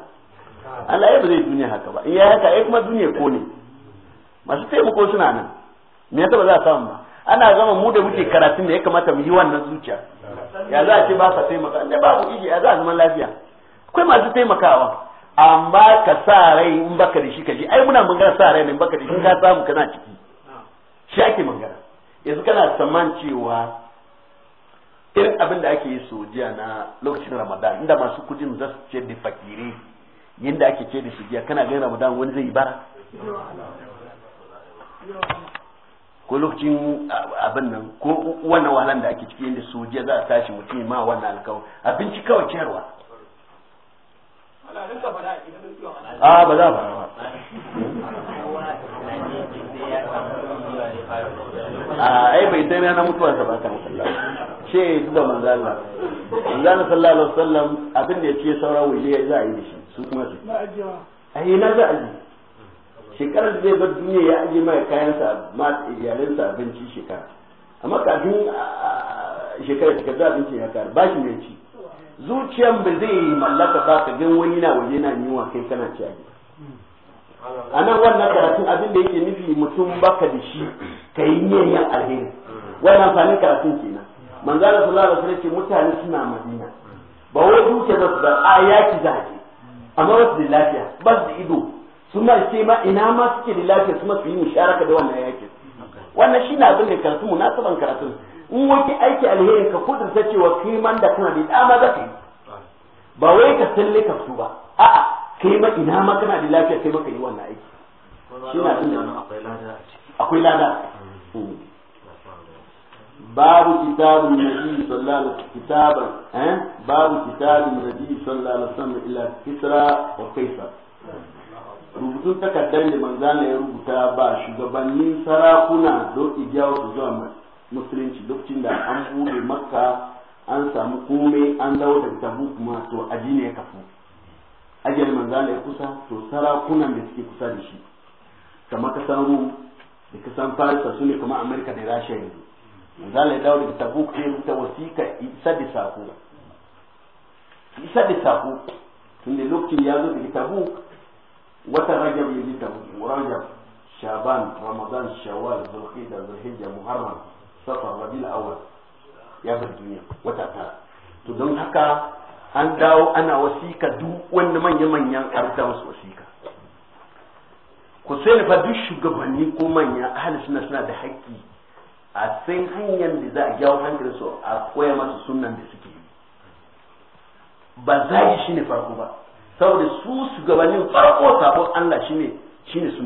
Allah ya ba zai duniya haka ba in ya haka ai kuma duniya ko ne masu taimako suna nan me yasa ba za a samu ba ana zama mu da muke karatun da ya kamata mu yi wannan zuciya ya za a ce ba sa taimaka ba babu iji ya za a zama lafiya akwai masu taimakawa amma ka sa rai in baka da shi ka ji ai muna magana sa rai ne in baka da shi ka samu kana ciki shi ake magana yanzu kana tsammanin cewa irin abin da ake yi sojiya na lokacin ramadan inda masu kudin za su ce da fakiri yadda ake ce da sojiya kana ganin ramadan wani zai yi bara ko lokacin abin nan ko wannan wahalan da ake ciki inda sojiya za a tashi mutum ma wannan alkawar abinci kawai ciyarwa a ba za ba a ai bai sai na mutuwa ta ba kan sallah ce duba manzo Allah manzo sallallahu alaihi wasallam abin da yake saura wuri za a yi da shi su kuma su ai na za a yi shekarar da zai bar duniya ya ajiye mai kayansa ma iyalinsa abinci shekara amma kafin shekarar ta abinci ya kar ba shi mai ci zuciyan ba zai mallaka ba ka gan wani na waje na niwa kai kana ci a a nan wannan karatun abin da yake nufi mutum baka da shi ka yi yin alheri wannan amfani karatun kenan manzala sallallahu alaihi wasallam ce mutane suna madina ba wai duke da su da a yaki zaje amma wasu da lafiya ba su da ido suna ce ma ina ma suke da lafiya su masu yi musharaka da wannan yakin wannan shi na abin da karatu mu na saban karatu in wani aiki alherin ka ce cewa kiman da kana da dama za ka yi ba wai ka tsalle ka su ba a'a kai ma ina ma kana da lafiya kai maka yi wannan aiki shi na abin da akwai lada akwai lada hmm. babu kitabun nabi sallallahu alaihi kitaban eh babu kitabun nabi sallallahu alaihi wasallam illa kisra wa kaisar rubutun takardar da manzana ya rubuta ba shugabannin sarakuna do ijawo su zuwa musulunci lokacin da an bude makka an samu komai an dawo da tabu kuma to aji ya kafu ajiyar manzana ya kusa to sarakunan da suke kusa da shi kamar ka san rum da ka san farisa su ne kamar amerika da rasha yanzu manzana ya dawo da tabu ya rubuta wasiƙa isa da sako isa da sako tun lokacin ya zo da tabu Wata rajab ya jita rajab shaban ramadan shawal zulhijja zulhijja muharram safar rabiul awwal ya bar duniya wata tara to don haka an dawo ana wasika duk wani manya-manyan arda musu wasika ku sai fa duk shugabanni ko manya ahli suna suna da haƙƙi a san hanyar da za a jawo hankalin su a koya masu sunan da suke ba za yi shi ne farko ba saboda su shugabannin farko sabon Allah shine shine su.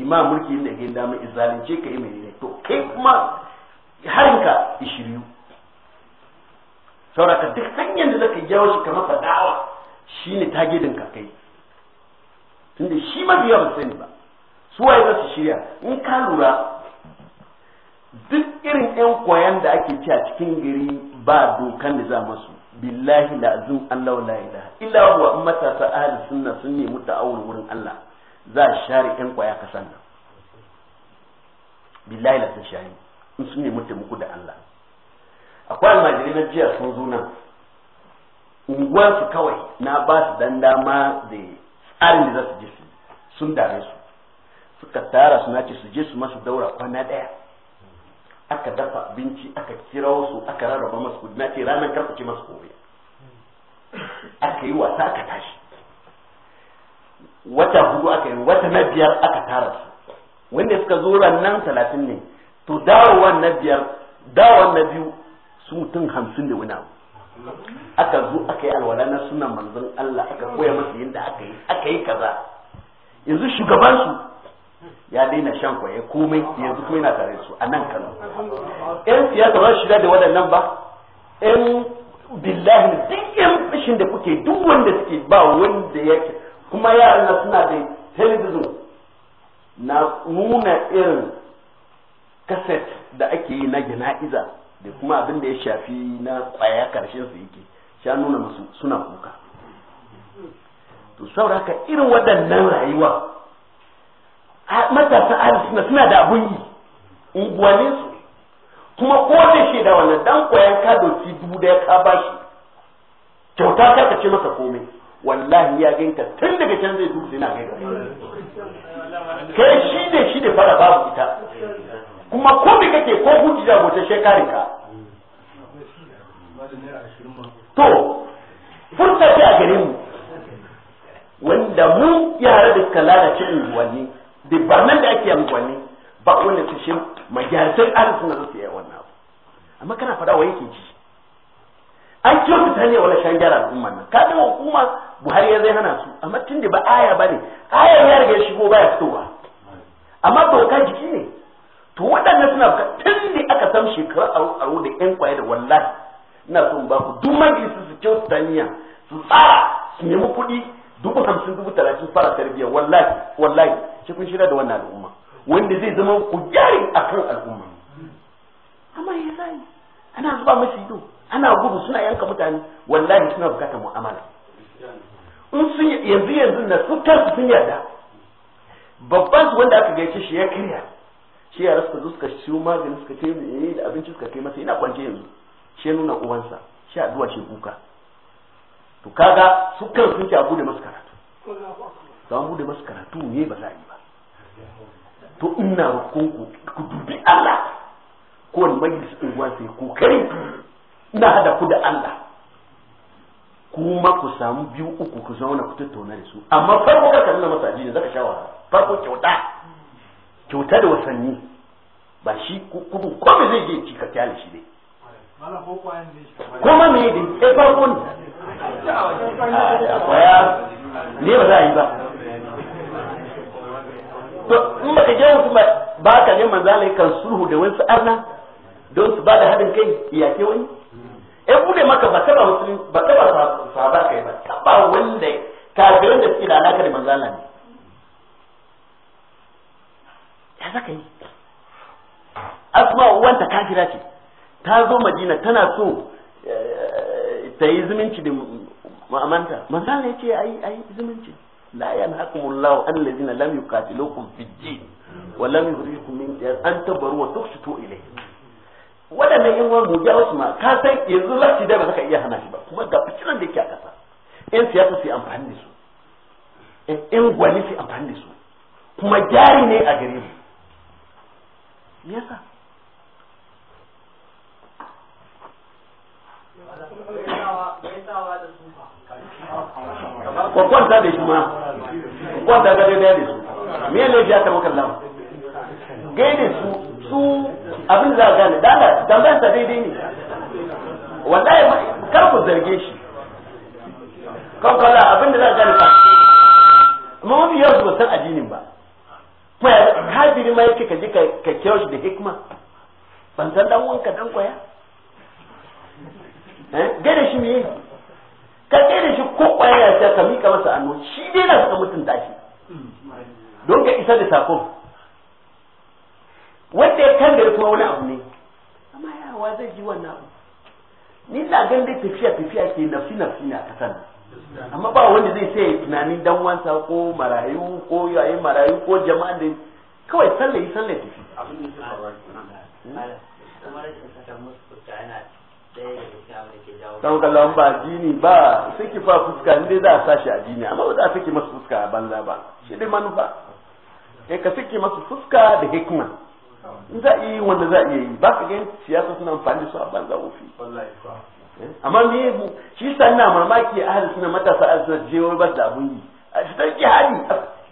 imam mulki inda ke da mai ce ka mai ne to kai kuma harinka ishiriyu sauraka duk hanyar da zaka jawo shi ka masa dawa shine tagedin ka kai tunda shi ma biya ba sani ba su waye za su shirya in ka lura duk irin yan koyan da ake ci a cikin gari ba dokan da za masu billahi la azum Allah la ilaha illa huwa in matasa ahli sunna sun nemi ta'awul wurin Allah za a share ɗan kwaya kasan nan billahi la sun share in sun nemi taimako da Allah akwai almajiri na jiya sun zo nan unguwarsu kawai na ba su dan dama da tsarin da za su je su sun dare su suka tara su na ce su je su masu daura kwana ɗaya aka dafa abinci aka kira su aka rarraba masu kudi na ce ranar karface masu kofi aka yi wasa aka tashi wata hudu aka yi wata na biyar aka tara su wanda suka zo nan talatin ne to dawowar na biyar dawowar na biyu su mutum hamsin da wani aka zo aka yi alwala na sunan manzon Allah aka koya masa yadda aka yi aka yi kaza yanzu shugaban su ya daina shan kwaye komai yanzu kuma yana tare su a nan kano yan siyasa ba shiga da waɗannan ba yan billahi duk yan fashin da kuke duk wanda suke ba wanda yake kuma yaran na suna da television na nuna irin kaset da ake yi na jana'iza da kuma abin da ya shafi na kwaya karshen su yake sha nuna musu suna kuka to saboda haka irin waɗannan rayuwa matasa arisuna suna da abun yi unguwannin su kuma ko da shi da wannan dan koyan ka doki dubu da ya ka bashi kyauta ka ka ce masa komai wallahi ya ganka tun daga can zai dubu na gaida kai shi ne shi da fara babu ita kuma ko me kake ko huji da wata shekarin ka to furta ta a gare mu wanda mu yare da suka lalace unguwanni da barnan da ake amfani ba wannan su shi majalisar arzikin da su yi wannan abu amma kana fada wa yake ji an ciyo su ta ne wani shan gyara al'ummar nan kafin hukuma buhari ya zai hana su amma tun da ba aya ba ne aya ya riga shigo baya fitowa amma doka jiki ne to waɗannan suna tun da aka san shekaru aro da yan kwaye da wallahi ina son ba ku duk majalisu su ciyo su ta su tsara su nemi kuɗi dubu hamsin dubu talatin fara tarbiyya wallahi wallahi shi kun shirya da wannan al'umma wanda zai zama kujari a kan al'umma amma ya zai ana zuba masu ido ana gudu suna yanka mutane wallahi suna bukatar mu'amala in sun yanzu yanzu na sun ta sun yarda babban su wanda aka gaishe shi ya kirya shi yara suka zo suka siyo magani suka kai da abinci suka kai masa yana kwance yanzu shi ya nuna uwansa shi addu'a shi kuka to kaga su kan sun ci a bude masu karatu to an bude masu karatu ne ba za yi ba to ina roƙon ku dubi Allah ko wani majalisa ɗin sai kokari ina hada ku da Allah kuma ku samu biyu uku ku zauna ku tattauna da su amma farko ka kalli masa ajiye zaka shawara farko kyauta kyauta da wasanni ba shi kudu ko me zai je ci ka kyale shi dai kuma me dai ya farko ne koya ne ba za a yi ba to in baka je wasu ba ka ne manzalai kan sulhu da wasu arna don su ba da haɗin kai iyake wani ya eh, bude maka ba taba musulmi ba taba sahaba kai ba taba wanda ka kafirin da suke da alaka da manzala ne ya zaka yi asma uwanta kafira ce ta zo madina tana so eh, ta yi zumunci da wa amanta yace ai ai zumunci la yanhaqumullahu allazina lam yuqatilukum fid din wa lam yukhrijukum min dar an tabaru wa tuqsitu ilayhi wadannan in uwan gobe wasu ma ka san yanzu lafi da ba za ka iya hana shi ba kuma ga fitinan da yake a kasa in siyasa su amfani da su in gwani su amfani da su kuma jari ne a gare mu yasa ko kwanta da shi ma kwanta da dai da su me ne ya ta maka Allah gaide su su abin za gane dala tambayar sa daidai ne wallahi kar ku zarge shi kan kala abin da za gane ka. mu bi yau ba san addinin ba to kafiri ma yake ka ji ka kiyaye shi da hikma ban san dan wanka dan koya eh gaida shi me ka da shi ko kwaya ya ka mika masa annu shi dai na ka mutunta shi don ka isa da sakon wanda ya kan da kuma wani abu ne amma yawa zai ji wannan abu ni na gan dai tafiya tafiya ke nafsi nafsi na kasan amma ba wanda zai sai tunanin dan wansa ko marayu ko yayin marayu ko jama'a da kawai yi sallayi tafi abin da ya kuma da ta musu yana da don kallon ba addini ba ki fa fuska inda za a sashi addini amma ba za a saki masa fuska a banza ba shi dai manufa eh ka saki masa fuska da hikima in za a yi wanda za a iya yi ba ka gani siyasa suna amfani da su a banza ofi eh, amma me yi shi sa ina mamaki ahli suna matasa a suna jewa ba da abun yi a cikin jihadi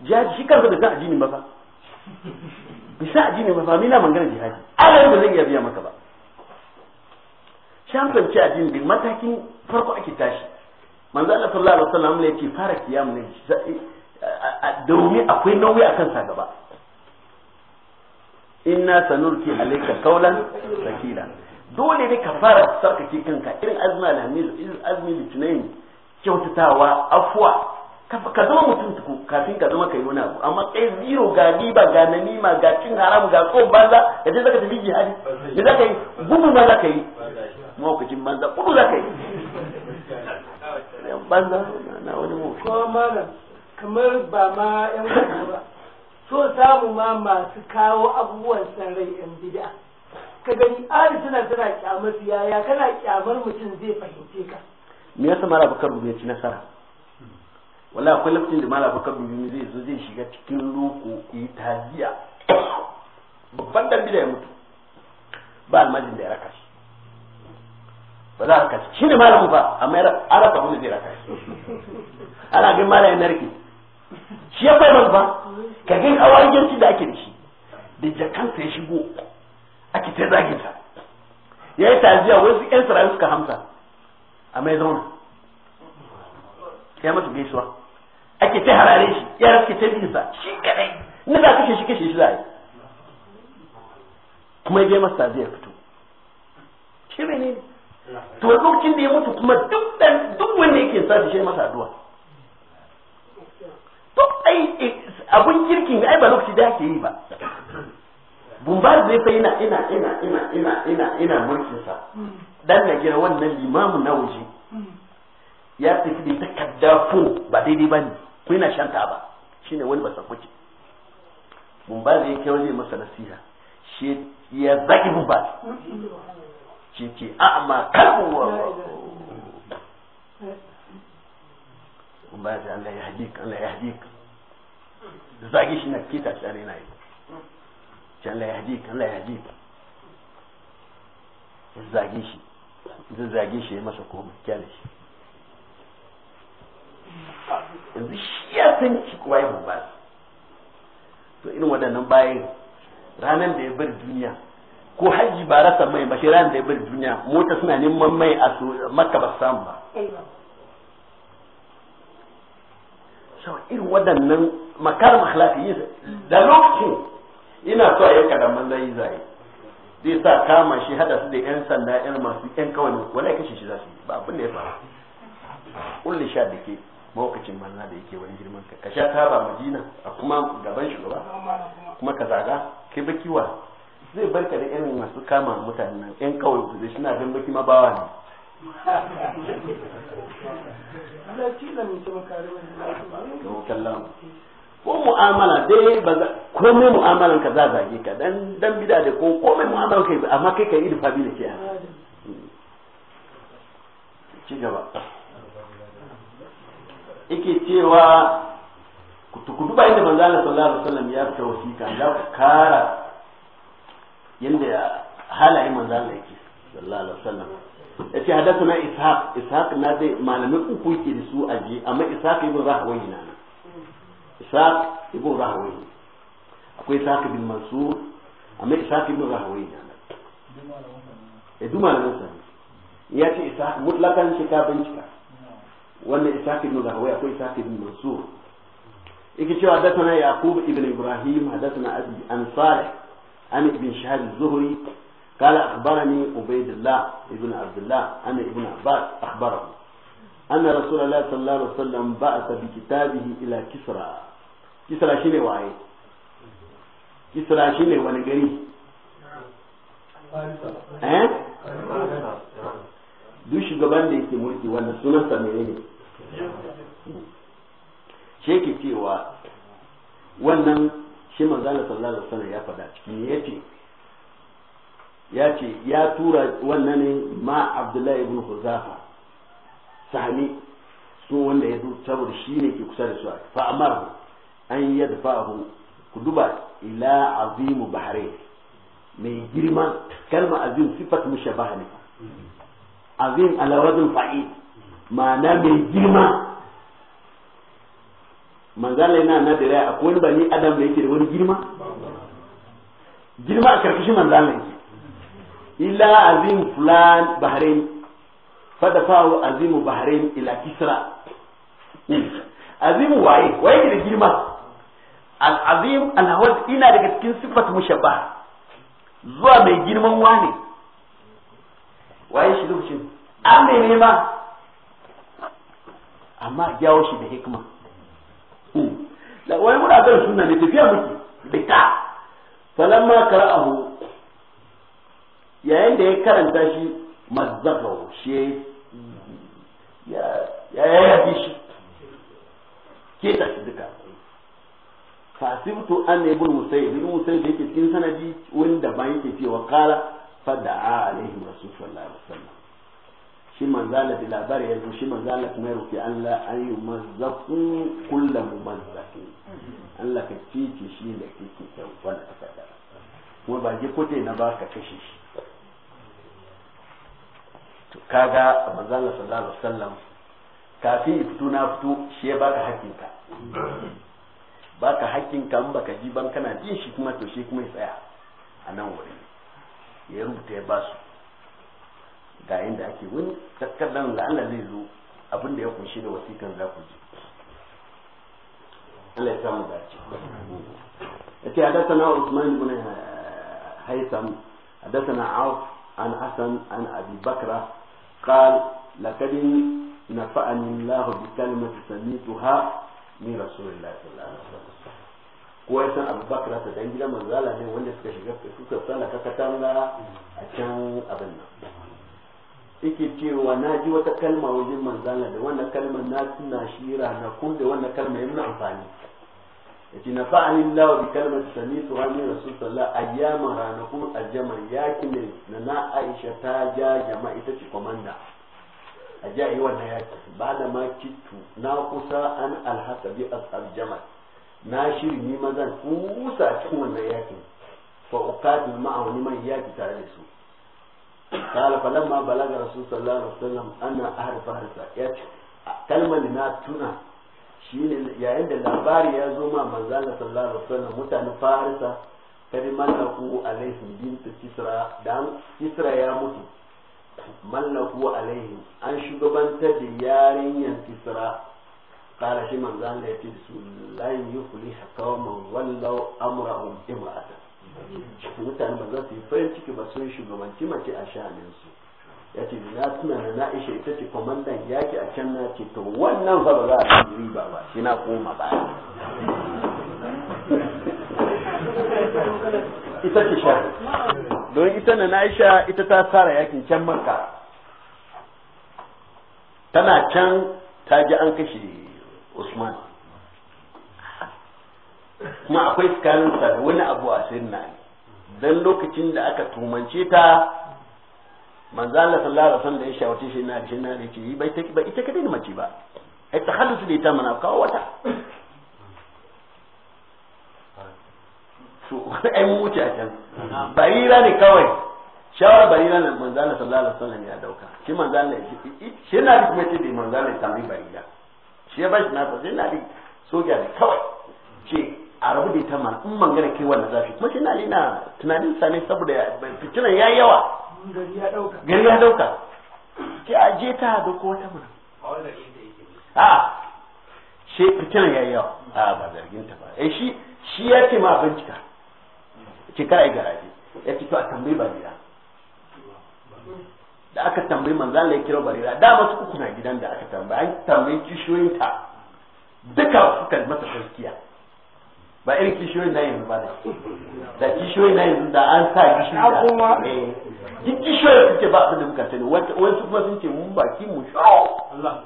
jihadi shi kansa da san addini ba fa bai san addini ba fa ni na magana jihadi Allah ba zai iya biya maka ba shan fahimci addini da matakin farko ake tashi manzo Allah sallallahu alaihi wasallam ne yake fara kiyam ne eh, domin akwai nauyi akan sa gaba inna sanurki alayka qawlan sakila dole ne ka fara sarkake kanka irin azma lamis irin azmi litinain kyautatawa afwa ka zama mutum tuku kafin ka zama kai wani abu amma kai zero ga riba ga nanima ga cin haram ga tsohon banza ka je zaka tafi jihadi me zaka yi gudu ma zaka yi mawakacin banza kudu za ka yi banza na wani mawakacin kuma malam kamar ba ma yan wani ba so samu ma masu kawo abubuwan san rai yan bida ka gani ali tana tana kyamar yaya kana kyamar mutum zai fahimce ka me yasa mara bakar ya ci nasara wala akwai lokacin da mara bakar rubin zai zo zai shiga cikin loko yi taziya babban dan ya mutu ba almajin da ya raka ba za a kasu shi ne malamin ba amma ya arasa mun zai raka ana gin malamin narki shi ya bai ba ka gani wani awajenci da ake da shi da jakansa ya shigo ake ta zagin sa ya yi taziya wasu yan sarari suka hamsa a ya zauna ya mutu gaisuwa ake ta harare shi ya suke ta bin sa shi kadai ni za kashe shi kashe shi za a yi kuma ya je masa taziya fito shi ne ne to lokacin da ya mutu kuma duk dan duk wanda yake sa shi masa addu'a to ai e, abun kirkin ai ba lokaci da yake yi ba bumbar zai fa ina ina ina ina ina ina ina mulkin sa dan na gira wannan limamu na waje ya tafi da takarda fo ba daidai ba ne ko ina shanta ba shine wani ba sakwace bumbar zai kai waje masa nasiha shi ya zaki bumbar shi ce a amma kalmuwa ba ta Allah ya hadik Allah ya da zagi shi na kita shi na yi ce Allah ya hadik Allah ya hadik zagi shi zai zage shi ya masa komai kyale shi yanzu shi ya san shi kuwa ya mubaz to irin waɗannan bayan ranar da ya bar duniya ko hajji ba rasa mai ba shiran da ya bar duniya mota suna neman mai a maka ba samu ba sau irin waɗannan makar makhlafi yi da lokacin ina so a yanka da manzan zai zai sa kama shi hada su da yan sanda yan masu yan kawai wani kashe shi za su ba abin da ya faru kulli sha da ke mawakacin manna da yake wani girman ka sha taba majina a kuma gaban shugaba kuma ka zaga kai bakiwa zai barka da irin masu kama mutane nan yan kawai kuzi suna gan baki ma bawa ne ko mu'amala dai ba za komai mu'amalan ka za zage ka dan dan bida da ko komai mu'amalan ka amma kai kai idifa bi da ke hmm. ci gaba yake cewa ku duba inda manzo Allah sallallahu alaihi wasallam ya fita wasiƙa za ku kara yanda halayen manzo Allah yake sallallahu alaihi wasallam yace hadathuna ishaq ishaq na dai malamin uku yake da su aje amma ishaq ibn rahawi na ishaq ibn rahawi akwai ishaq bin mansur amma ishaq ibn rahawi na e eh, duma malamin sa yace ishaq mutlakan shi ka bincika wannan ishaq ibn rahawi akwai ishaq ibn mansur yake cewa hadathuna yaqub ibn ibrahim hadathuna abi an salih عن ابن شهاب الزهري قال أخبرني عبيد الله ابن عبد الله أن ابن عباس أخبره أن رسول الله صلى الله عليه وسلم بعث بكتابه إلى كسرى كسرى شنو وعي كسرى شنو ونقري eh duk shugaban da yake mulki wanda sunansa mene ne shi yake cewa wannan shi manzana sallallahu alaihi ya faɗa ciki ya ce ya ce ya tura wannan ne ma abdullahi ibn huzafa sami su wanda ya zo saboda shi ne ke kusa da su fa amar an yadfa'ahu ku duba ila azimu bahrain mai girma kalma azim sifat mushabaha ne azim ala wazn fa'il ma'ana mai girma manzala yana na da rai akwai wani bani adam da yake da wani girma girma a karkashin manzala yake illa azim fulan bahrain fawo azimu bahrain ila kisra azimu waye waye da girma al'azim alhawaz ina daga cikin sifat mushabba zuwa mai girman wane waye shi lokacin an mai nema amma jawo shi da hikima da wai muna kan sunna ne tafiya muke bita falamma qara'ahu yayin da ya karanta shi mazzafahu shi ya ya bi shi ke ta duka fasibtu an ibn musayyib ibn musayyib yake cikin sanadi wanda ba yake cewa qala fada'a alaihim rasulullahi sallallahu alaihi wasallam shi manzala da labari yanzu shi manzala kuma ya rufe Allah an yi mazzafu kullu mumazzafin Allah ka cece shi da kake kyau wanda ta faɗa kuma ba je kote na ba ka kashe shi to kaga manzo Allah sallallahu alaihi wasallam kafin fito na fito shi ya baka hakkinka baka hakkinka in baka ji ban kana jin shi kuma to shi kuma ya tsaya a nan wurin ya rubuta ya basu ga inda ake wani takardar la'alla zai zo abinda ya kunshi da wasikan za ku ji Allah ya samu dace yace hadathana Uthman ibn eh, Haytham hadathana Auf an Hasan an Abi Bakra قال لقد نفعني الله بكلمة سميتها من رسول الله صلى الله عليه وسلم kowa san abu bakra ta dan Gida, manzala ne wanda suka shiga suka tsallaka katanga a can abin nan yake cewa na ji wata kalma wajen manzana da wannan kalmar na tuna shi kun da wannan kalmar yana amfani ya ce na fa'alin lawa bi kalmar sami su hannun a sallah ayyama ranakun aljamar yaki ne na na aisha ta ja jama'a ita ce komanda a ja yi wannan yaki ba da ma kitu na kusa an alhasabi aljamar na shiri ni mazan kusa cikin wannan yakin fa uqatil ma'a man yaki tare da su قال فلما بلغ رسول صلى الله عليه وسلم انا اعرف هرسا na tuna shine yayin da labari ya zo ma manzana sallallahu alaihi wasallam mutanen farisa kadi mallaku alaihi bintu kisra dan kisra ya mutu mallaku alaihi an shugabantar da yarinyan kisra kala shi manzan da ya ce su lan yufliha qauman wallau amrahum imra'atan mutane ba za su yi farin ciki ba sun shugabanci mace a sha'aninsu ya ce na tuna da na ishe ita ce kwamandan yaki a can na ce to wannan fa ba za a yi riba ba shi na koma ba ita ce sha don ita na Aisha ita ta tsara yakin can makka tana can ta ji an kashe Usman kuma akwai tsakaninsa da wani abu a sirna dan lokacin da aka tumance ta manzala sallallahu alaihi wasallam da ya shawarce shi na shi na yake yi bai take ba ita kadai mace ba ai tahallus da ta mana kawo wata to ai mu wuce a can barira ne kawai shawara barira ne manzala sallallahu alaihi wasallam ya dauka shi manzala shi na da kuma ce da manzala ta mai barira shi ya bashi na shi na da soja ne kawai ce a rabu da ita ma in mangana kai wannan zafi kuma shi na na tunanin sa ne saboda fitinan ya yawa gari ya dauka ki a je ta da ko wata mana a shi fitinan ya yawa a ba zargin ta ba eh shi shi ya ce ma bincika ce kar yi garaje ya ce to a tambayi ba gida da aka tambayi manzan da ya kira barira dama su uku na gidan da aka tambayi an tambayi kishiyoyinta duka suka masa gaskiya ba irin kishiyoyin na yanzu ba ne da kishiyoyin na yanzu da an sa kishiyoyi da kuma eh. duk kishiyoyin suke ba abin da muka sani wasu kuma sun ce mun baki mu sha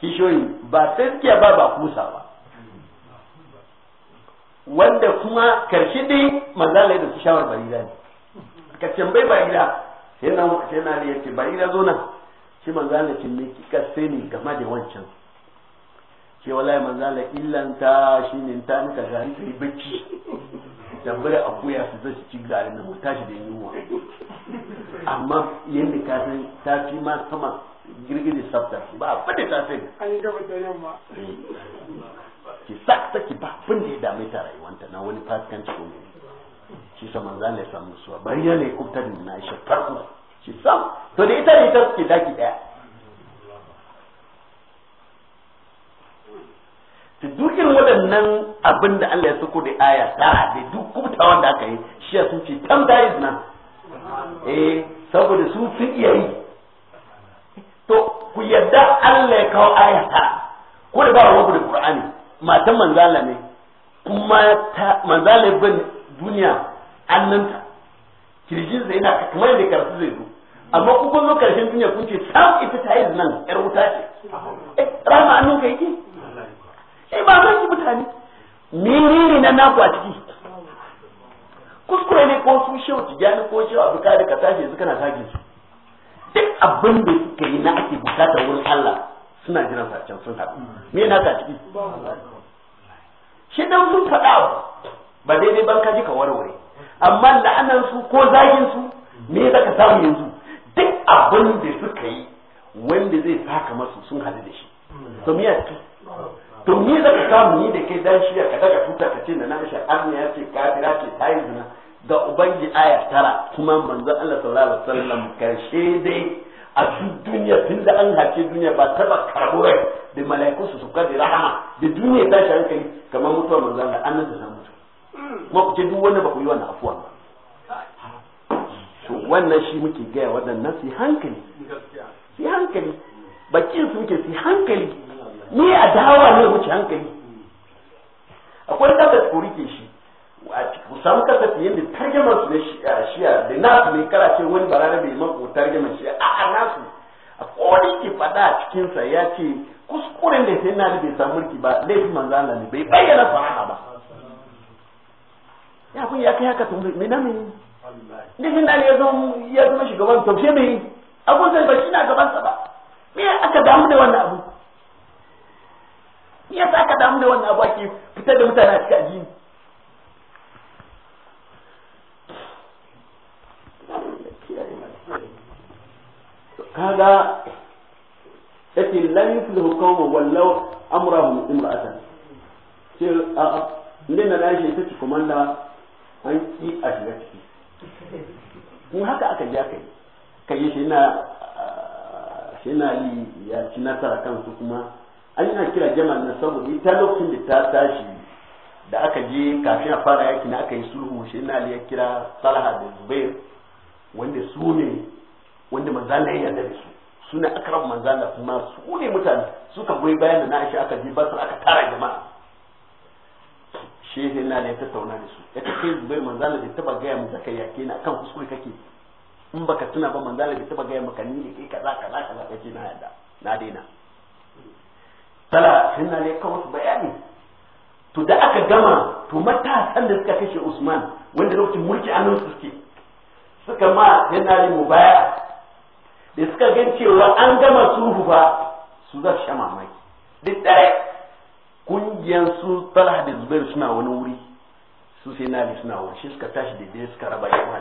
kishiyoyi ba sai suke ba ba kusa ba wanda kuma karshe dai mazala da su shawar barira ne ka tambayi barira sai na sai na ne yace barira zo nan shi manzalai ce ki kasse ne game da wancan ce wallahi manzala illanta shine ta nika gari kai bacci tambari a koya su zai ci garin nan mu tashi da yunwa amma yadda ka san ta fi ma sama girgiri sabta ba abin da ta sai an gaba da yamma ki sa ta ki ba abin da ya dame ta rayuwanta na wani fasikanci ko ne shi sa manzo Allah ya samu suwa bayan ya ne kubta da na shi farko shi sam to da ita ne ta ke daki daya to dukkan waɗannan abin da Allah ya sako da aya tara da duk kubutawan da aka yi shi ya sun ce yi zina eh saboda su sun iya yi to ku yadda Allah ya kawo aya ta ko da ba wa da Qur'ani matan manzala ne kuma ta manzala bin duniya annanta kirjin zai na kamar da karatu zai zo amma kuma kun zo karshen duniya kun ce sam ita ta yi zina yar wuta ce eh rama annun ka yake sai eh, ba za su mutane menene na naku a ciki kuskure ne ko su shehu tijani ko shehu abu kada ka tashi yanzu kana tage su duk abin da suka yi na ake bukatar wurin Allah suna jiran sa can sun haɗu me na ka ciki shi dan sun faɗa ba daidai ban ka ji ka warware amma la'anar su ko zagin su me za ka samu yanzu duk abin da suka yi wanda zai saka masu sun haɗu da shi to me ya ciki to ni da ka samu ni da kai dan shirya ka daga tuta ka ce da na shi arni ya ce kafira ce ta yi zina ga ubangi aya tara kuma manzo Allah sallallahu alaihi wasallam karshe dai a duk duniya tun da an hace duniya ba taba karbura da malaiku su suka da rahama da duniya ta shi hankali kamar mutuwa manzo Allah an nan mutu kuma ku ce duk wanda ba ku yi wannan afuwa ba to wannan shi muke gaya waɗannan su hankali su hankali bakin su muke su hankali ni a dawa ne wuce hankali akwai da tsori ke shi ku samu kasafi yadda targaman su ne shiya da nasu ne kara ce wani barara bai mako targaman shiya a a nasu a kowani ke fada a cikinsa ya ce kuskuren da sai na bai samu mulki ba laifin manzo Allah ne bai bayyana fara ba ya kun ya kai haka tun me na me laifin na ne ya zama shugaban to sai me abun zai ba shi na gaban ba me aka damu da wannan abu ya sa ka damu da wannan abu ake fitar da mutane a cikin addini kaga yake lan yuflihu qawmun wallaw amrahum imra'atan ce a a ne na lashe ta ci komanda an ki a shiga ciki in haka aka ja kai kai shi na shi na ya ci nasara kansu kuma an yana kira jama'a na saboda ita lokacin da ta tashi da aka je kafin a fara yaki na aka yi sulhu shi na ya kira salaha da zubair wanda su ne wanda manzala ya yarda da su su ne akarar manzala kuma su ne mutane suka goyi bayan da na aisha aka je basar aka tara jama'a shehe na ne ta tauna da su ya kai zubair manzala da taba gaya mu zakai yake na kan kuskure kake in baka tuna ba manzala da taba gaya maka ni ne kai kaza kaza kaza je na yadda na daina tala sun ne kawo su bayani to da aka gama to matasan da suka kashe usman wanda lokacin mulki a nan suke suka ma yana ne mu baya da suka gan cewa an gama suhu ba su za sha mamaki duk ɗaya ƙungiyar su talha da zubair suna wani wuri su sai na suna wani shi suka tashi da dai suka raba yawa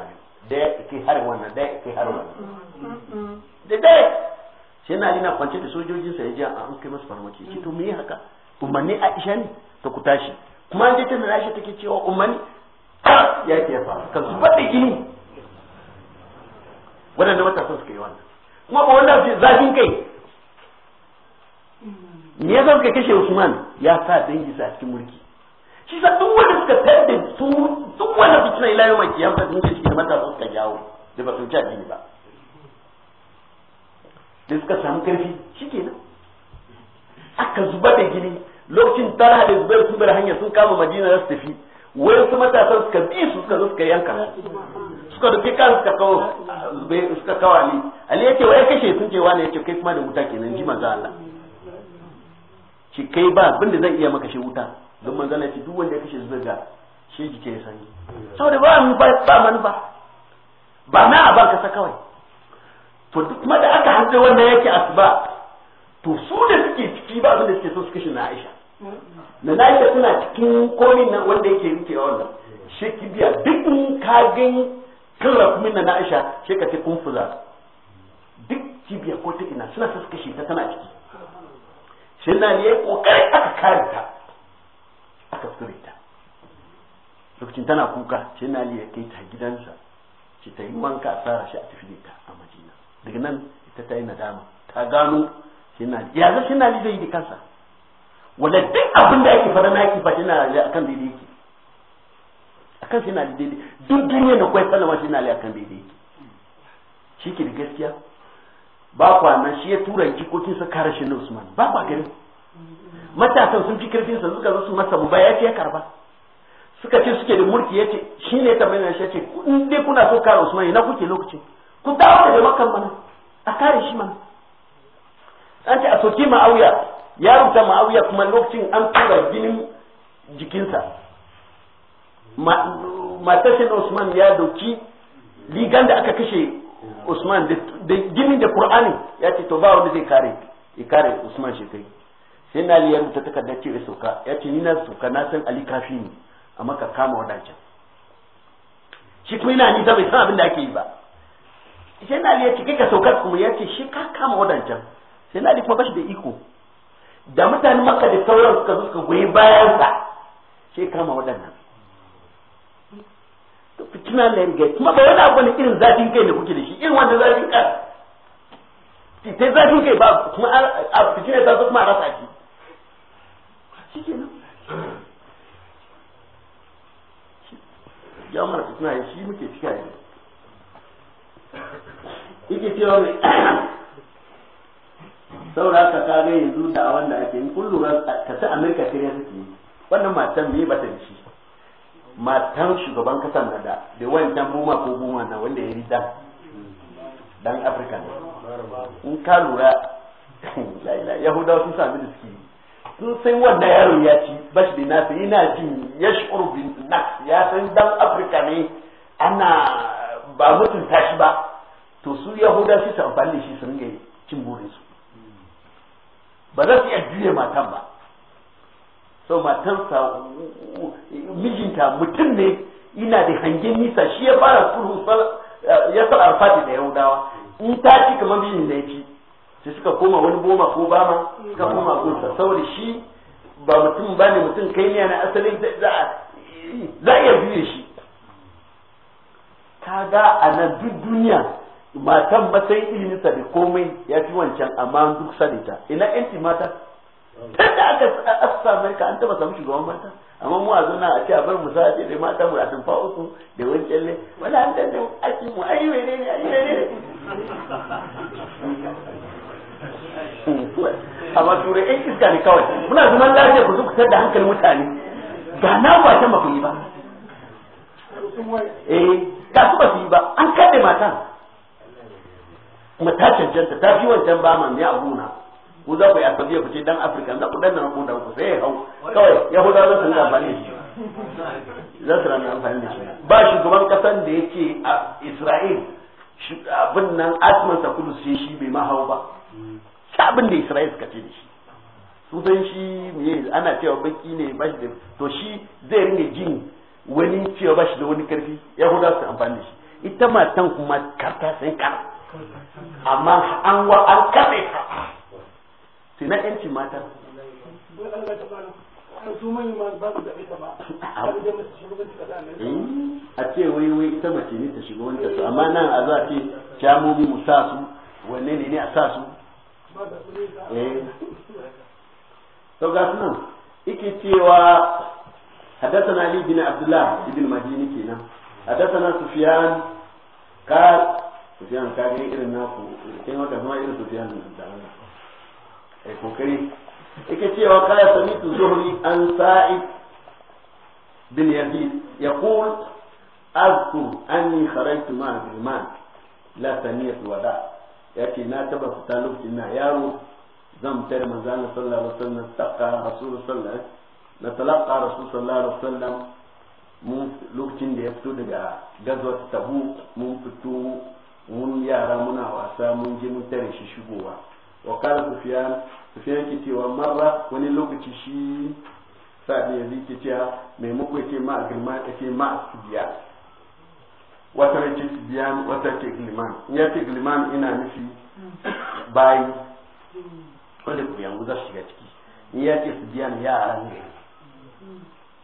biyu ya kai har wannan ya kai har wannan mm-hmm. da daya sai na na kwance da sojojinsa ya ji an kai masa farmaki ki to me haka umarni Aisha ne ta ku tashi kuma an je ta Aisha take cewa umarni ya ke fa kan su faɗi gini waɗanda matasan suka yi wannan kuma ba wanda zafin kai me yasa suka kashe Usman ya sa dangi sa cikin mulki shi sa duk wanda suka tadda su duk wanda fitina ila yau mai kiyamta din shi matasan suka jawo da ba su ji ba da suka samu karfi nan aka zuba da gini lokacin tara da zubar sun bar hanya sun kama madina za su tafi wai su matasan suka bi su suka zo suka yanka suka da kan suka kawo suka kawo ali ali yake wai kashe sun ce wani yake kai kuma da wuta kenan ji manzo Allah shi kai ba abin da zan iya maka shi wuta don manzo Allah duk wanda ya kashe da shi jike ya sani saboda ba mu ba manufa ba na a banka sa kawai to duk ma da aka hanzo wannan yake asuba to su da suke ciki ba abin da suke so suke shi na Aisha na Aisha suna cikin komin nan wanda yake rikewa wannan shi biya duk mun ka gani kira kuma na Aisha shi ka ce kun fuza duk biya ko ta ina suna suke shi ta tana ciki shi na ne yayi kokari aka kare ta aka tsure ta lokacin tana kuka shi na ne ya kai ta gidansa shi ta yi wanka a tsara shi a tafi da ita daga nan ita ta yi nadama ta gano shina ya zai shina ji zai da kansa wanda duk abin da ake fara naki ba shina ji akan daidai yake akan shina ji daidai duk duniya da kwai sallama shina ji akan daidai yake shi ke da gaskiya ba kwanan shi ya tura jikokin sa kare shi na Usman ba ba gani matasan sun fi karfin sa suka zo su masa mu baya ya karba suka ce suke da mulki yace shine tambayar shi yace in dai kuna so kare Usman ina kuke lokacin ku dawo da makan mana a kare shi mana an ce a soke ma'auya ya rubuta ma'auya kuma lokacin an tura ginin jikinsa matashin usman ya doki ligan da aka kashe usman da ginin da kur'ani ya ce to ba wanda zai kare ya kare usman shekari sai na ya rubuta takardar ce sauka ya ce ni na sauka na san ali kafi ne amma ka kama wadancan shi kuma yana nisa bai san abin da ake yi ba sai na ya ce ka saukar kuma ya ce shi ka kama wadancan sai na kuma bashi da iko da mutane maka da sauran suka zo suka goyi bayan sa sai kama wadannan to fitina ne ga kuma ba wani abu ne irin zafin kai da kuke da shi irin wanda zafin kai sai zafin kai ba kuma a fitina ta zo kuma a rasa shi shikenan ya mara fitina shi muke fitina yanzu Iki cewa wani, saura ka kaga yanzu da wanda ake yi kullum lura ka ta amerika kiriya suke yi wannan matan me bata da shi matan shugaban kasan na da da dan buma ko buma na wanda ya rita dan afirka ne in ka lura yahudawa sun sami da suke sun san wanda yaro ya ci ba shi da nasa yana jin ya shi ya san dan afirka ne ana ba mutunta shi ba to su yahuda su amfani da shi su ringa cin burin su ba za su iya juya matan ba sau matansa mijinta mutum ne ina da hangen nisa shi ya fara sulhu ya sa alfati da yahudawa in ta ci kamar mijin da ya ci sai suka koma wani boma ko bama suka koma gunsa saboda shi ba mutum ba ne mutum kai ne na asali za a iya juya shi kaga a na duk duniya matan matsayin ilimin sa da komai ya fi wancan amma duk sadita ina yanci mata tun da aka asa amurka an taba samu shugaban mata amma mu a zuna a ce a bar mu ce da mata mu a tumfa da wani kyalle wani an danne aiki mu ayi wene ne ayi wene ne amma turai yan iska ne kawai muna zaman lafiya ku zukutar da hankalin mutane ga na ba ta mafi ba eh su ba su yi ba an kaɗe matan kuma ta cancanta ta fi wancan ba man a abuna ku za ku yi asabi ya fice dan afirka za ku danna ku dan ku sai ya hau kawai yahudawa za su rana amfani da shi za su rana amfani da shi ba shugaban kasan da yake a isra'il abin nan asman sa kudu sai shi bai ma hau ba abin da isra'il suka ce da shi su san shi ana cewa baki ne ba shi to shi zai ringa jini wani cewa ba shi da wani karfi yahuda su amfani da shi ita matan kuma karta sai kara amma an wa an kare ta sai na yanci mata eh, a ce wai wai ita mace ne ta shiga wani kasu amma nan a za ce jamomi mu sa su wanne ne ne a sa su eh to ga sunan ike cewa حدثنا علي بن عبد الله بن مديني كنا حدثنا سفيان قال سفيان قال لي إرن ناكو كان وقت ما إرن سفيان دعونا أي كوكري إكتي وقال سميت زهري عن سائب بن يزيد يقول أذكر أني خرجت مع غلمان لا ثانية ولا يأتي ناتبة في تالوك إنها يارو زم ترمى زانا صلى الله عليه وسلم تقى رسول صلى الله عليه وسلم na talaka rasul sallallahu alaihi wasallam mun lokacin da ya fito daga ta tabu mun fito mun yara muna wasa mun je mun tare shi shigowa wa kala sufyan sufyan ke cewa marra wani lokaci shi sabi ya ke cewa mai muku ce ma girma ke ma subiya wata ce subiyan wata ke gliman ya ce gliman ina nufi bayi wanda ku yanzu za su shiga ciki ya ce ya yaran gari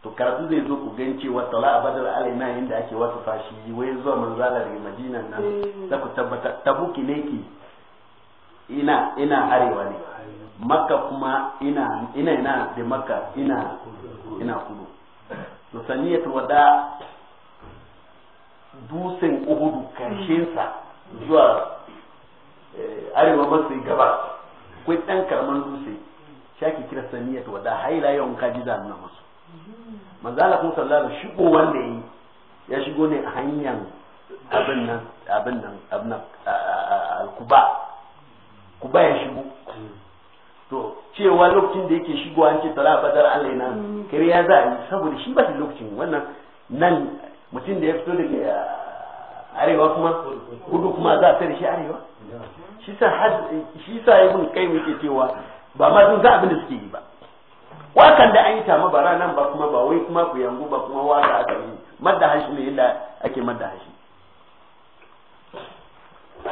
to karatu zai zo ku gan cewa tala a badar alaina inda ake wasu fashi wai zuwa manzala daga madina nan mm. za ku tabbata tabuki ne ki ina ina arewa ne makka kuma ina ina ina da makka ina ina kudu to saniyatu wada dusin uhudu sa zuwa eh, arewa masu gaba kwai dan karaman dutse shaki kira sani ya wada haila yawan kaji da nuna musu manzala kuma sallallahu alaihi shigo wanda yi ya shigo ne a hanyar abin nan abin nan abin nan kuba kuba ya shigo to cewa lokacin da yake shigo an ce tara badar Allah na kare ya za a yi saboda shi ba lokacin wannan nan mutum da ya fito daga arewa kuma kudu kuma za a tare shi arewa shi sa ibn kai muke cewa ba ma sun san abin da suke yi ba wakan da an yi tama bara nan ba kuma ba wai kuma ku yango ba kuma waka aka yi madda hashi ne inda ake madda hashi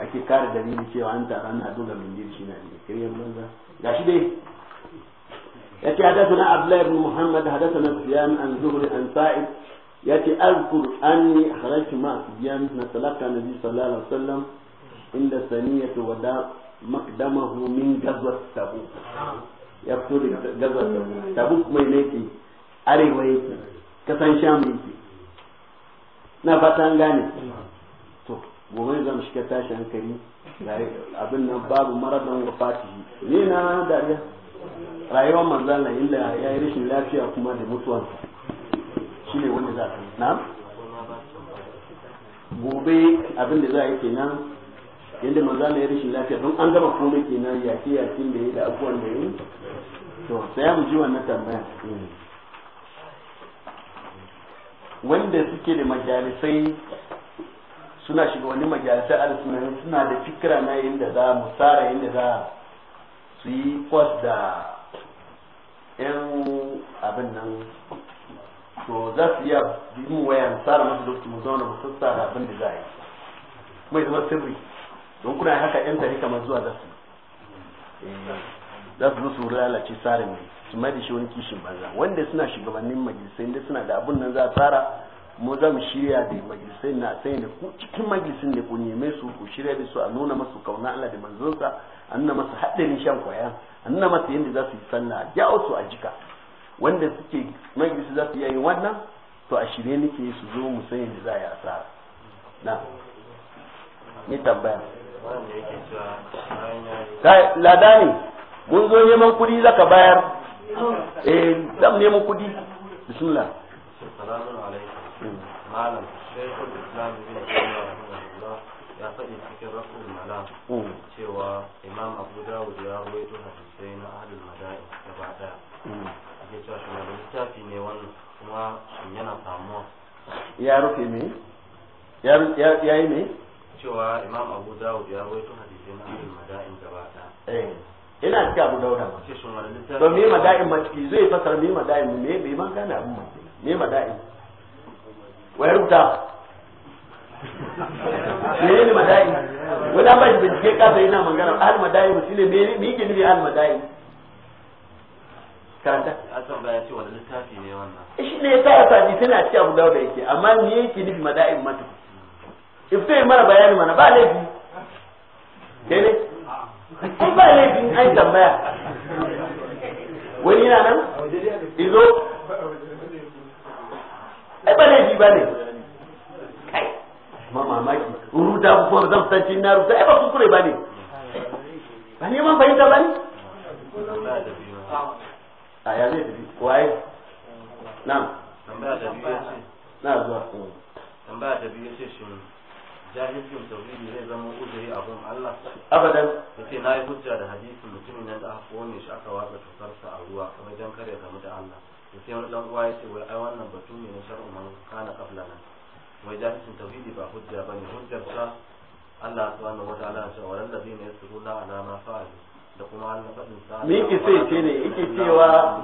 ake kare da ni cewa an tara na dole min shi na ne kiryan banza gashi dai yace hadathana abdullahi ibn muhammad hadathana sufyan an zuhri an sa'id yace azkur anni kharajtu ma sufyan na salaka nabi sallallahu alaihi wasallam inda saniyatu wada maqdamahu min ghazwat tabuk ya fito da gabas da tabuk mai yake arewa yake kasan sham yake na fata an gane to gobe zan shiga tashi hankali abin nan babu maradan wafati ne na dariya rayuwar manzala illa ya yi rashin lafiya kuma da mutuwansa shi ne wanda za a na gobe abin da za a yi kenan yadda manzala ya rashin lafiya don an gama komai kenan yaki yaƙin da ya da abubuwan da ya yi to sai mu ji wannan tambaya wanda suke da majalisai suna shiga wani majalisai alisunani suna da fikira na inda za mu tsara inda za su yi kwas da yan abin nan to za su iya yin wayan tsara masu dokta, mu zauna mu tsara abin da za a yi mai zama sirri don kuna haka yan tari kamar zuwa za su yi eh. za su zo su lalace tsarin ne su mai da shi wani kishin banza wanda suna shugabannin majalisai inda suna da abun nan za a tsara mu za mu shirya da majalisai na sai da ku cikin majalisin da ku neme su ku shirya da su a nuna masu kauna Allah da manzonsa a nuna masu haɗarin shan kwaya a nuna masu yadda za su yi sallah jawo su a jika wanda suke majalisi za su yi wannan to a shirye nake su zo mu san yadda za a yi asara na ni tambaya ladani mun zo neman kudi zaka bayar eh zan neman kudi bismillah assalamu alaikum malam shaykhul islam ibn ya faɗi cikin rasul malam hmm. cewa imam abu dawud ya rawaito hadisai na ahlul madain gaba da. Hmm. ake cewa shi da littafi ne wannan kuma shin yana samuwa ya rufe me ya yi me cewa imam abu dawud ya rawaito hadisai na ahlul gaba daya eh. ina cikin abu dauda ba to me mada'in ma ciki zai fasara me ma da'in me bai ma gane abun ma me da'in wai rubuta me ne da'in wani ba shi bincike sai ina magana al mada'in mu shine me me yake nufi al mada'in karanta asan ba ya ce wani littafi ne wannan eh, shi ne ya sa ji tana cikin abu dauda yake amma me yake nufi mada'in mata iftai mara bayani mana ba laifi dai ne ai ba laifin ai tambaya wani yana nan izo ai ba laifi ba ne kai ma mamaki rubuta kuma zan na rubuta ai ba kuskure ba ne ba ne fahimta ba ne a ya zai tafi kwaye? na na zuwa tambaya biyu sai shi jahilcin tauhidi zai zama uzuri abun Allah abadan ce na yi hujja da hadisi mutumin nan da aka kone shi aka watsa tukarsa a ruwa wajen kare game da Allah to sai wani dan uwa ce wai ai wannan batu ne na shar'u man kana nan wai jahilcin tauhidi ba hujja bane hujjar sa Allah subhanahu wataala ya ce wa allazina yasruna ala ma fa'alu da kuma Allah fadin sa sai ce ne yake cewa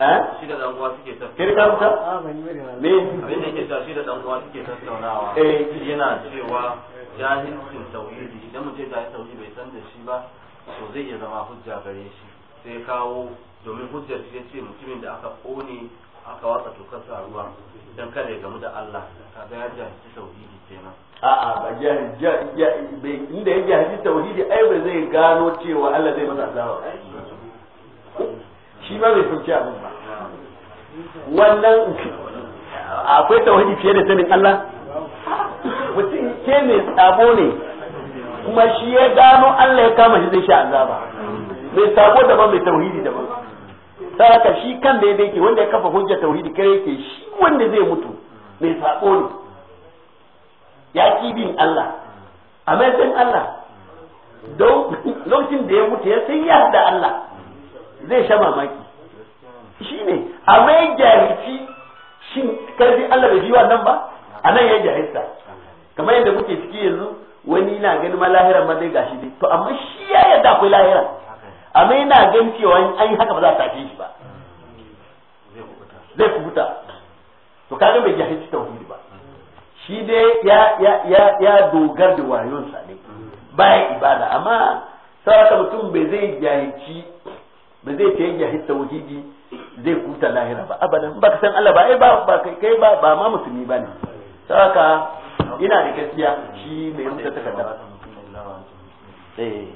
shi da dan uwa suke tattaunawa me abin da yake shi da dan suke tattaunawa eh yana cewa jahilcin tauhidi idan mutum da tauhidi bai san da shi ba to zai iya zama hujja gare shi sai kawo domin hujjar shi ce mutumin da aka kone aka watsa tukar sa ruwa dan kada ya gamu da Allah kaga ya jahilci tauhidi kenan a'a ba jahilci inda ya jahilci tauhidi ai ba zai gano cewa Allah zai masa azaba shi ba bai sauke abin ba wannan akwai tawhidi fiye da sanin Allah mutum ke mai tsabo ne kuma shi ya gano Allah ya kama shi zai sha azaba mai tsabo daban mai tauhidi daban saraka shi kan da yake wanda ya kafa hujja tauhidi kai yake shi wanda zai mutu mai tsabo ne ya ki bin Allah a mai Allah don lokacin da ya mutu ya san ya Allah zai sha mamaki shi ne a mai jahilci shi karfi Allah bai jiwa nan ba a nan ya jahilta kamar yadda muke ciki yanzu wani na ganin ma lahira ma zai gashi dai to amma shi ya yadda akwai lahira mai na ganin cewa an yi haka ba za a tafi shi ba zai kubuta to kaga bai jahilci tauhidi ba shi dai ya ya ya ya dogar da wayonsa ne baya ibada amma saboda mutum bai zai jahilci ba zai ce yanke hit tauhidi zai kuta lahira ba abadan ba ka san Allah ba ai ba ba kai kai ba ba ma musulmi ba ne saka ina da gaskiya shi mai rubuta takarda eh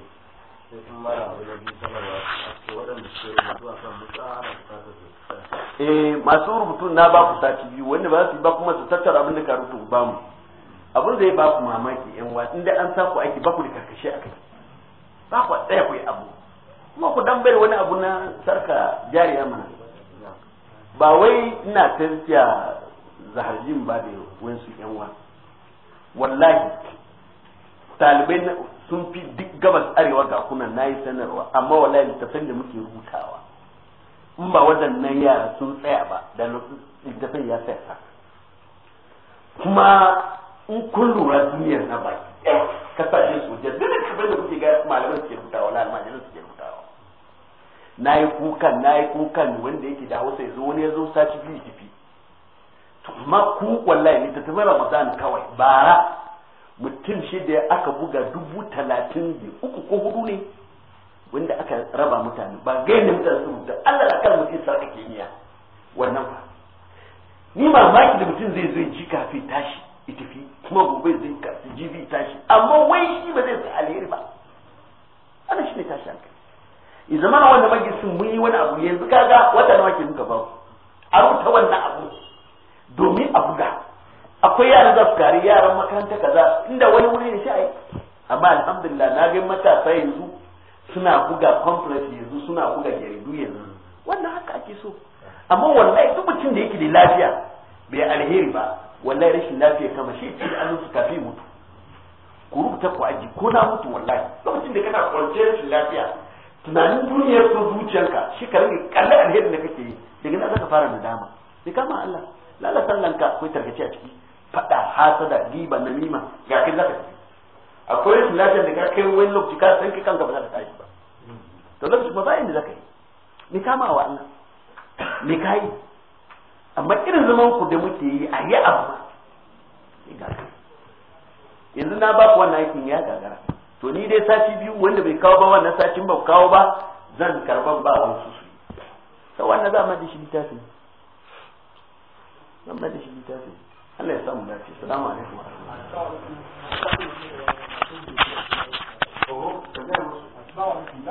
eh masu rubutun na ba ku sati biyu wanda ba su ba kuma su tattara abin da ka rubuta ba mu abin zai ba ku mamaki yan wa inda an sa ku aiki ba ku da karkashi akai ba ku tsaya ku yi abu kuma ku dan bari wani abu na sarka jariya mana ba wai ina tantiya zaharjin ba da wansu yan wa wallahi talibai sun fi duk gabas arewa ga kuna na yi sanarwa amma wallahi littafin da muke rubutawa in ba waɗannan yara sun tsaya ba da littafin ya tsaya kuma in kun lura duniyar na baki kasashen sojiya duk da kafin da kuke ga malaman suke rubutawa wala almajirin suke rubutawa na yi kukan na yi kukan wanda yake da hausa ya zo wani ya zo sati biyu tafi amma ku wallahi ne ta tafi ramadan kawai bara mutum shi da aka buga dubu talatin da uku ko hudu ne wanda aka raba mutane ba gaini mutane su da allah da kan mutum sarka kimiyya wannan ba ni mamaki da mutum zai zo ji kafin tashi itifi kuma gobe zai kafin jibi tashi amma wai shi ba zai sa alheri ba ana shi ne tashi hankali ya zama wanda majalisin mun yi wani abu yanzu kaga wata nawa ke muka ku? a ruta wannan abu domin a buga akwai yara za su kare yaran makaranta kaza inda wani wuri ne shi ai amma alhamdulillah na ga matasa yanzu suna buga complex yanzu suna buga jaridu yanzu wannan haka ake so amma wallahi duk mutum da yake da lafiya bai alheri ba wallahi rashin lafiya kama shi ce an su kafi mutu ku rubuta ku aji ko na mutu wallahi mutum da kana kwance rashin lafiya tunanin duniyar ko zuciyarka shi ka rage kalle alherin da kake yi daga nan zaka fara nadama sai kama Allah lalla sallanka akwai tarkace a ciki fada hasada giba namima ga kai zaka ci akwai rashin lafiyar da ka kai wani lokaci ka san kai kanka ba za ka tashi ba to lokaci ba bayan da zaka yi ni kama wa Allah ni kai amma irin zaman ku da muke yi a yi abu yanzu na ba ku wannan aikin ya gagara to ni dai sati biyu wanda bai kawo ba wannan satin ba kawo ba zan karban ba wasu su to wannan za mu da shi littafi zan da shi littafi Allah ya samu lafiya assalamu alaikum wa rahmatullahi